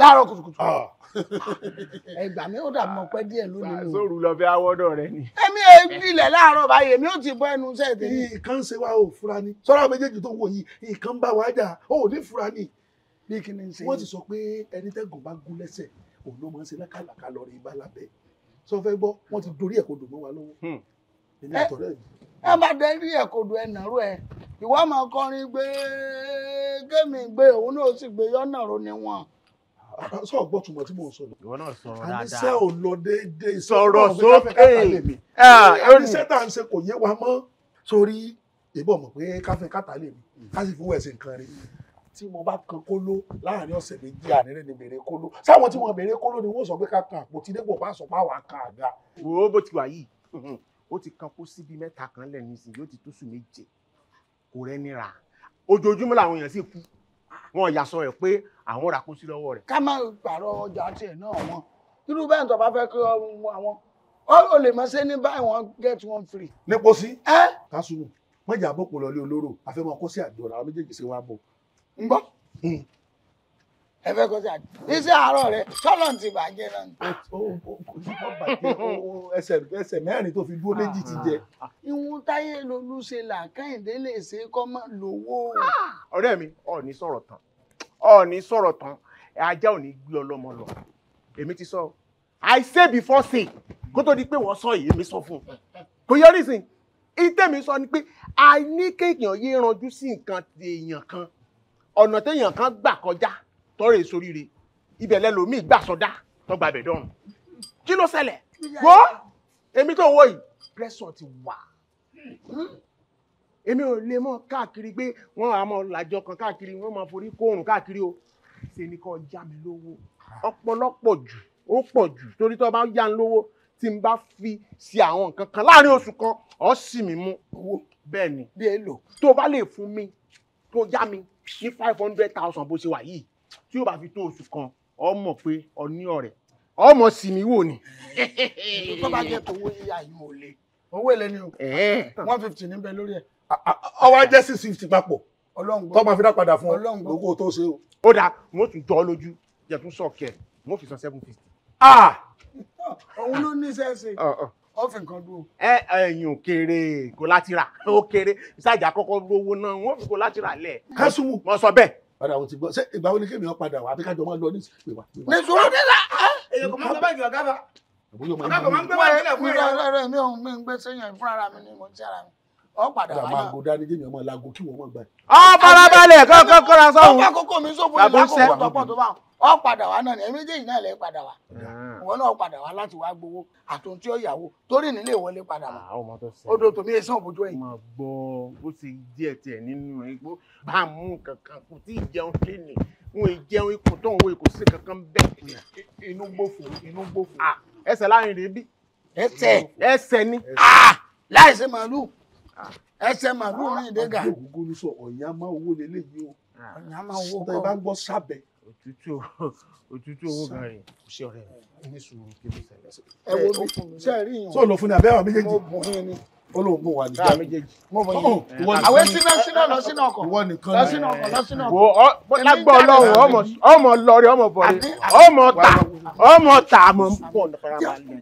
láàárọ̀ kùtùkùtù ah. [laughs] ẹgbà mi ó dàbí ọpẹ díẹ̀ lónìí mi. Ah, sóòrù lọ fi awọdọ rẹ ni. èmi ìbílẹ̀ láàárọ̀ báyìí èmi ò ti bọ́ ẹnu iṣẹ́ tèmi. nǹkan ṣe wa ò fura ni sọ́ra méjèèjì tó ń wò yìí nǹkan ń bá wa jà ò ní fura ni. bí kí ni ń ṣe. wọ́n ti sọ pé ẹni tẹ́gùn bá gún lẹ́sẹ̀ òun ló máa ń ṣe lákàlàkà lọ rí ibà lábẹ́ sọ fẹ́ gbọ́ wọ́n ti dorí ẹ̀kọ́ dùn mọ́ wa lọ́wọ́ hmm. ẹ bá dé rí ẹ̀kọ́dù ẹ̀nàrú ẹ̀ ìwọ máa kọrin gbé kémi gbé òun náà sì gbé yọ́nà ro ni wọ́n sọ gbọ́ túmọ̀ tí mò ń sọ ni. ìwọ náà sọ dáadáa àníṣe ò lọ déédéé sọ̀rọ̀ sókè àníṣe ah, tá à ń ṣe kò yé wa mọ́ sórí ìbọn mọ̀ pé káfíń kàtà lè mi ká sì fún ẹ̀sìn kan rí tí mo bá kan kóló láàrin ọ̀sẹ̀ méjì àníre ni bèrè kóló sáwọn tí wọn bèrè kóló ni wọn sọ pé ká kan àpótí dépò bá sọ pé àwọn àka àga. wo bó ti wà yìí ó ti kan kó síbi mẹ́ta kan lẹ́nu ìsìn yóò ti tó sùn méje kò rẹ́ nira ojoojúmọ́ làwọn èèyàn sì kú wọn ìyá sọ rẹ̀ pé àwọn rà kó sí lọ́wọ́ rẹ̀. ká má pààrọ̀ ọjà tiẹ̀ náà wọn irú bẹ́ẹ̀ tó bá fẹ́ kí àwọn ó lè máa ṣe ní buy one get one free. nípo sí kásùmù mọ́jà àbọ̀pọ̀ lọ́lé olóró àfẹ́mọ́ kó sí àjọ làwọn méjèèjì sí wa bọ̀ ń gbọ́. Hmm ẹ fẹ́ kó ṣáà iṣẹ́ àárọ̀ rẹ sọ́lọ́n ti bàjẹ́ náà. kò sí kó bàjẹ́ ẹsẹ̀ ẹsẹ̀ mẹ́rin tó fi dúró méjì ti jẹ. ìhun táyé lolú ṣe là kẹ́hìndé lè ṣe kọ́ mọ́ lówó. ọ̀rẹ́ mi ọ̀ọ́ni sọ̀rọ̀ tán ọ̀ọ́ni sọ̀rọ̀ tán ajá ò ní gbé ọlọ́mọ lọ èmi ti sọ i say before say kó tó di pé wọ́n sọ yìí èmi sọ fún un kò yọrí sí ìtẹ̀mí sọ ni pé a ní kéèyàn yé ranjú sí nǹkan èèyàn kan ọ̀nà téèyàn kan gbà kọjá tọrọ èso rire ibẹ̀ lẹ́lòmíì gbà sọdá tọgbà bẹ̀ dọ̀rùn kí ló ṣẹlẹ̀ wọ́ èmi tó wọ yìí pẹ́sọ̀ ti wà hmm. èmi ò lè mọ káàkiri pé wọ́n á mọ làjọ kan káàkiri wọ́n máa forí kóòrùn káàkiri o ṣe ni kò já mi lówó ọ̀pọ̀lọpọ̀ jù ó pọ̀ jù torí tó bá yá ń lówó tí n bá fi ṣe àwọn nǹkan kan láàrin oṣù kan ọ̀ sì mí mú owó bẹ́ẹ̀ ni bí èlò tó bá lè fún mi tó yá mi ní five hundred thousand bó ṣe wà yìí tí ó bá fi tó oṣù kan ọmọ pé ọní ọ̀rẹ́ ọmọ sì mí wò ni. [laughs] tó bá jẹ́ tòwó yíyá yìí mo lè owó èlé ni o one fifty níbẹ̀ lórí ẹ̀. ọwọ́ ajẹ́ six fifty papọ̀ tó máa fi dá padà fún ọ lóko tó ṣe o. ó dáa mo tún jọ ọ lójú jẹ tún sọ kẹ mo fi san seven fifty. [laughs] òun ló ní sẹ́ẹ̀sì ọ̀fìn kan dúró. ẹ ẹ̀yin ò kéré kò láti rà ó kéré ìsájà àkọ́kọ́ lówó náà wọ́n fi kò láti rà lẹ̀. kásùmù mo sọ bẹ́ẹ̀ padà wọ́n ti gbọ́ ṣé ìgbà wo ni kémi wọn padà wà àbí kájọ máa lọ ní ìsìnkú wa. nìṣòro ní la èyí kò máa gbé báyìí ọ̀gá bá ọ̀gá kò máa gbé báyìí ọ̀gá fún ìyá rẹ̀ mi ò mi ń gbé sẹ́yìn fún ara mi ni mo ti ara mi ọ padà wà náà. ọmọ àgọ́ dání jẹ́mi ọmọ làgọ́ kí wọ́n mọ̀ gbà. ọ farabalẹ̀ kọ́kọ́ kọ́ra sọ́hun. ọkọ̀ àkókò mi sófin ìlú àkókò tó pọ̀ tó bá wọn ọ padà wá náà ni ẹ̀mí méjèèjì náà lè padà wá ah. wọn náà padà wá láti wá gbowó àtòun tí ó yàwó torí nílé ìwọlé padà mọ ah, odò tòmí èso òbójú ẹ̀yìn. mà gbọ́ ó ti díẹ̀ tiẹ̀ nínú igbó bá a mú kankan kò tí ì jẹun kí ni wọn ì jẹun ikùn tó ń wo ikùn sí kankan bẹ́ẹ̀. inú gbófo inú gbófo. Ah, ẹsẹ̀ láàrin rèé bí. ẹsẹ̀ ẹsẹ̀ ni. láìsí màálù ẹsẹ̀ màálù rìn dégà. ọ̀yà máa owó lélẹ́yìí o. ọ̀yà máa owó kọ́. tẹ bá ń gbọ́ òtútù [laughs] òtútù owó gan rè kò ṣe ọ̀rẹ́ mi ní sùúrù kí ló ṣẹlẹ̀. ẹ wo mi ṣe rí yín. sọ lọ fún mi àbẹ́wò méjèèjì. mo bùn yín ni olóògùn wà ní jáde àwọn sínú sínú lọ sínú ọkọ ìwọ nìkan lọ sínú ọkọ lọ sínú ọkọ. lágbọ́ ọlọ́run ọmọ lọrí ọmọ bọ̀rẹ̀ ọmọ ta ọmọ ta àmọ́ ń pọ̀ nípa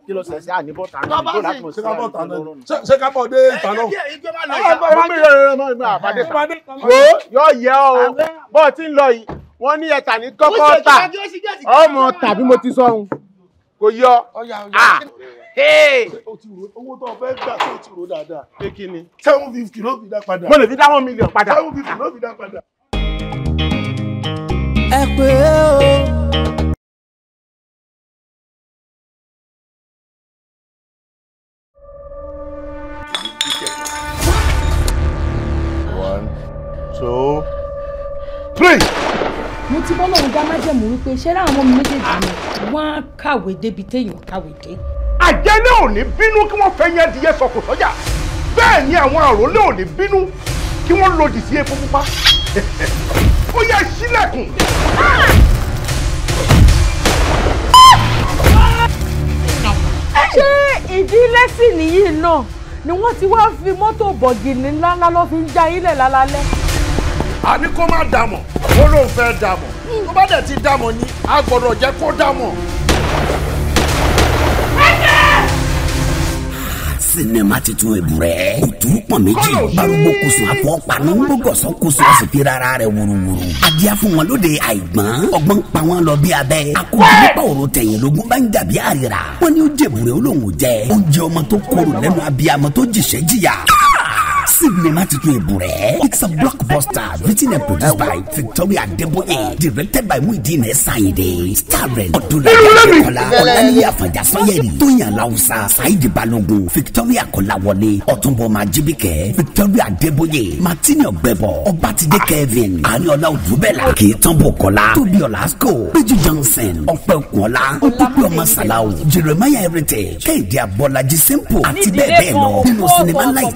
kí ló ṣe ṣe àníbọ̀ ta náà kó láti mọ̀ sí kábọ̀ ta náà ṣé kábọ̀ dé ta náà. wo yóò yẹ ọ bó o ti ń lọ yìí wọ́n ní ẹ̀ta ní kọ́kọ́ ta ọmọ tàbí mo ti sọ ohun kò yọ owó tó fẹ́ gbà tó ti ro dáadáa. pé kí ni. seven fifty ló fi dá padà. mo lè fi dá one million padà. seven fifty ló fi dá padà. ẹ pé o. two three. mo ti bọ́ lọ́run dá májẹ̀mú wípé ṣé láwọn ọmọ mi méjèèjì ni wọ́n á kàwé débi téèyàn kàwé dé àjẹlé ò ní bínú kí wọ́n fẹ́ yẹn adìyẹ sọkò sọ́jà bẹ́ẹ̀ ni àwọn àròlé ò ní bínú kí wọ́n lòdì sí epo pupa ó yẹ sílẹ̀kùn. ṣé ìdílé sì nìyí náà ni wọ́n ti wá fi mọ́tò bọ̀gìnì ńláńlá ló fi ń já ilẹ̀ lálálẹ́. a ní kó má dàmọ̀ ó lóun fẹ́ dàmọ̀ tó bá dẹ̀ ti dàmọ̀ ni a gbọ́dọ̀ jẹ́ kó dàmọ̀. sinima titun eburẹ o turu méjì arúgbó kusun afọ panu gbọgọsọ kusun asipi rara rẹ wuruwuru adiá fún wọn lóde àìgbọ́n ọgbọ́n pa wọn lọ bí abẹ akókò pàwòrò tẹ̀yìn lógún bá ń dàbí àríra wọn ni ó jẹ̀bùrẹ́ olóhùn jẹ oúnjẹ ọmọ tó korò lẹ́nu abiyamọ tó jìṣẹ́ jìyà. Cinema Titubure. It's a blockbuster written and produced by Victoria Adeboye, directed by Muideen Sayide, starring Odúnládé Adékọ́lá, Ọláníyì Àfọ̀njá Sanyẹ̀rì, Tóyìn Aláùsá, Saidi Balógun, Victoria Kọ́láwọlé, Ọ̀túnbọ̀ Majibike, Victoria Adéboyè, Martini Ọ̀gbẹ́bọ̀, Ọbátidé Kevin, Àníọlá Òdùbẹ́là, Kìtànbọ̀ Kọ́lá, Tóbi Ọ̀làsíkò, Péjú Johnson, Ọ̀pẹ́ Òkùnọ́lá, Ọ̀pẹ́pẹ́ Ọmọ Sàláwù, Jeremiah Heritage, Kẹ́hìndé Abọ́lájí Simple àti bẹ́ẹ̀ bẹ́ẹ̀ lọ nínú sinimá láì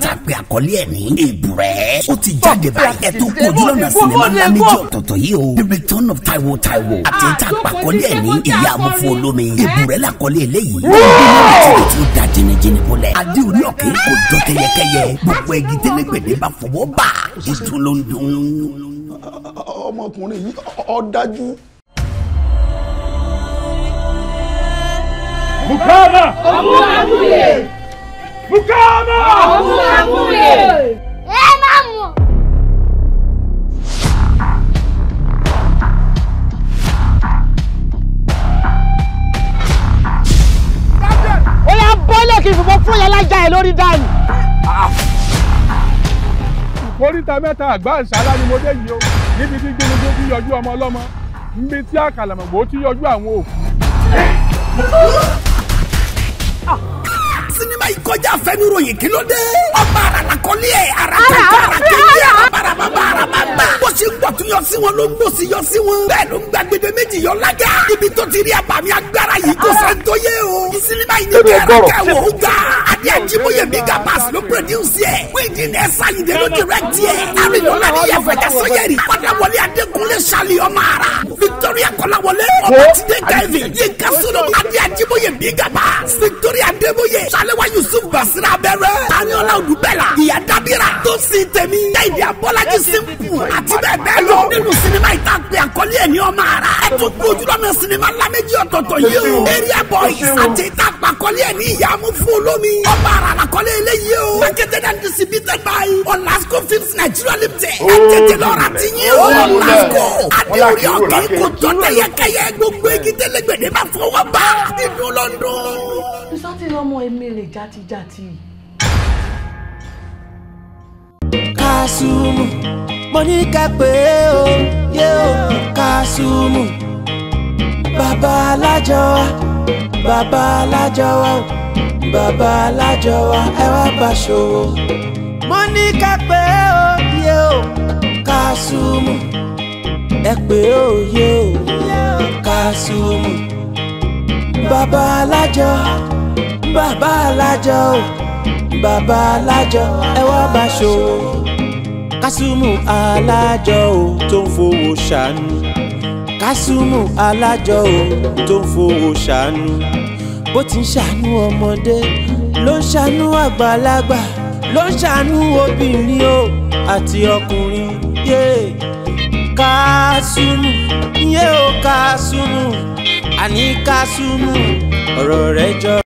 òní èbùrẹ́ ó ti jáde báyìí ẹ̀ tó kojú lọ́nà sinimá ńlá méjì ọ̀tọ̀ọ̀tọ̀ yìí o the return of Taiwo Taiwo àti ìta àpàkọ́lé ah, ẹ̀ ní ìyá amúfo olómi èbùrẹ́ làkọ́lé eléyìí ó ti da jìnnìjìnnì bọ́lẹ̀ adé orí ọ̀kẹ́ kò jọ kẹyẹkẹyẹ gbogbo ẹgi tẹ́lẹ̀gbẹ̀dẹ̀ bá fọwọ́ bá ìtúlóńdún. ọmọkùnrin yìí ó dájú. Bukana! Ọmọ àbúyè! Bukama! Abúlé! Ẹ má mọ̀. Ó yá bọ́lẹ̀ kí ìfúnpọ̀ fún yẹn lájà ẹ̀ lórí dànù. Oríta mẹ́ta àgbá ìṣálá ni mo dé yìí o, níbi tí gbinigbó ti yọjú ọmọ ọlọ́mọ, níbi tí àkàlàmọ̀gbò ti yọjú àwọn òkú kọjá àfẹnuròyìn kí ló dé. ọba àràlà kọ́lé ẹ̀ àràkàkọ́ àràkẹ́yẹ ti ń pọ̀ yọ sí wọn ló ń gbòòsì yọ sí wọn. bẹ́ẹ̀ ló ń gba gbèdé méjì yọ lága. ibi tó ti rí abàmì agbára yìí kò ah. sẹ́ni yé o. ìsinimá yìí ni kẹ́rẹ́ kẹ́wọ̀ ó ga. adé ajímọ̀yé mega pass ló produce ẹ̀. wíìdì ní ẹ̀sà ìdè ló direct ẹ̀. láàrin lọ́la ní ah, yẹ̀fẹ̀ dasọ́yẹ̀rì. padàwọlé adékúnlé sali ọmọ ara. victoria kọ́láwọlé ọ̀bátidé kẹ́vì. yínká sọ́dọ̀ adé ajímọ̀yé mega pass. victoria adémọ̀yé salewa yusuf basira bẹ̀rẹ̀. taniola olùbẹ̀là ìyá dábìrà tó sin tèmi. kẹ́hìndé abọ́lájí bẹ́ẹ̀ bẹ́ẹ̀ lọ nínú sinimá yìí tá a pè àkọlé ẹ̀ ní ọmọ ara ẹ tún kú ojú lọ́nà sinimá láméjì ọ̀tọ̀ọ̀tọ̀ yìí o area boys àti tá a pa àkọlé ẹ̀ ní ìyàmú fún olómi ọmọ ara làkọlé eléyìí o marketed and distributed by Olasco films Nigeria limited ẹ tètè lọ́ra ti yín o Olasco adéorí ọ̀kẹ́ kò tọ́ tẹ́yẹkẹ́yẹ gbogbo igi tẹ́lẹ̀gbẹ̀dẹ̀ bá fọwọ́ bá nínú London. sísọ́tì ọmọ èmi rè játijàti. Kásùmù mo ní kẹ́pẹ́ o yé o Kasumu bàbá alájọ wa bàbá alájọ wa o bàbá alájọ wa ẹ wá bá ṣòwò. mo ní kẹ́pẹ́ o yé o Kasumu ẹ pé o yé o Kasumu bàbá alájọ bàbá alájọ o bàbá alájọ ẹ wá bá ṣòwò kásùmù alájọ o tó ń fowó ṣàánú kásùmù alájọ o tó ń fowó ṣàánú bó ti ń ṣàánú ọmọdé ló ń ṣàánú àgbàlagbà ló ń ṣàánú obìnrin o àti ọkùnrin yé kásùmù yé o kásùmù àní kásùmù ọ̀rọ̀ rẹ̀ jọ.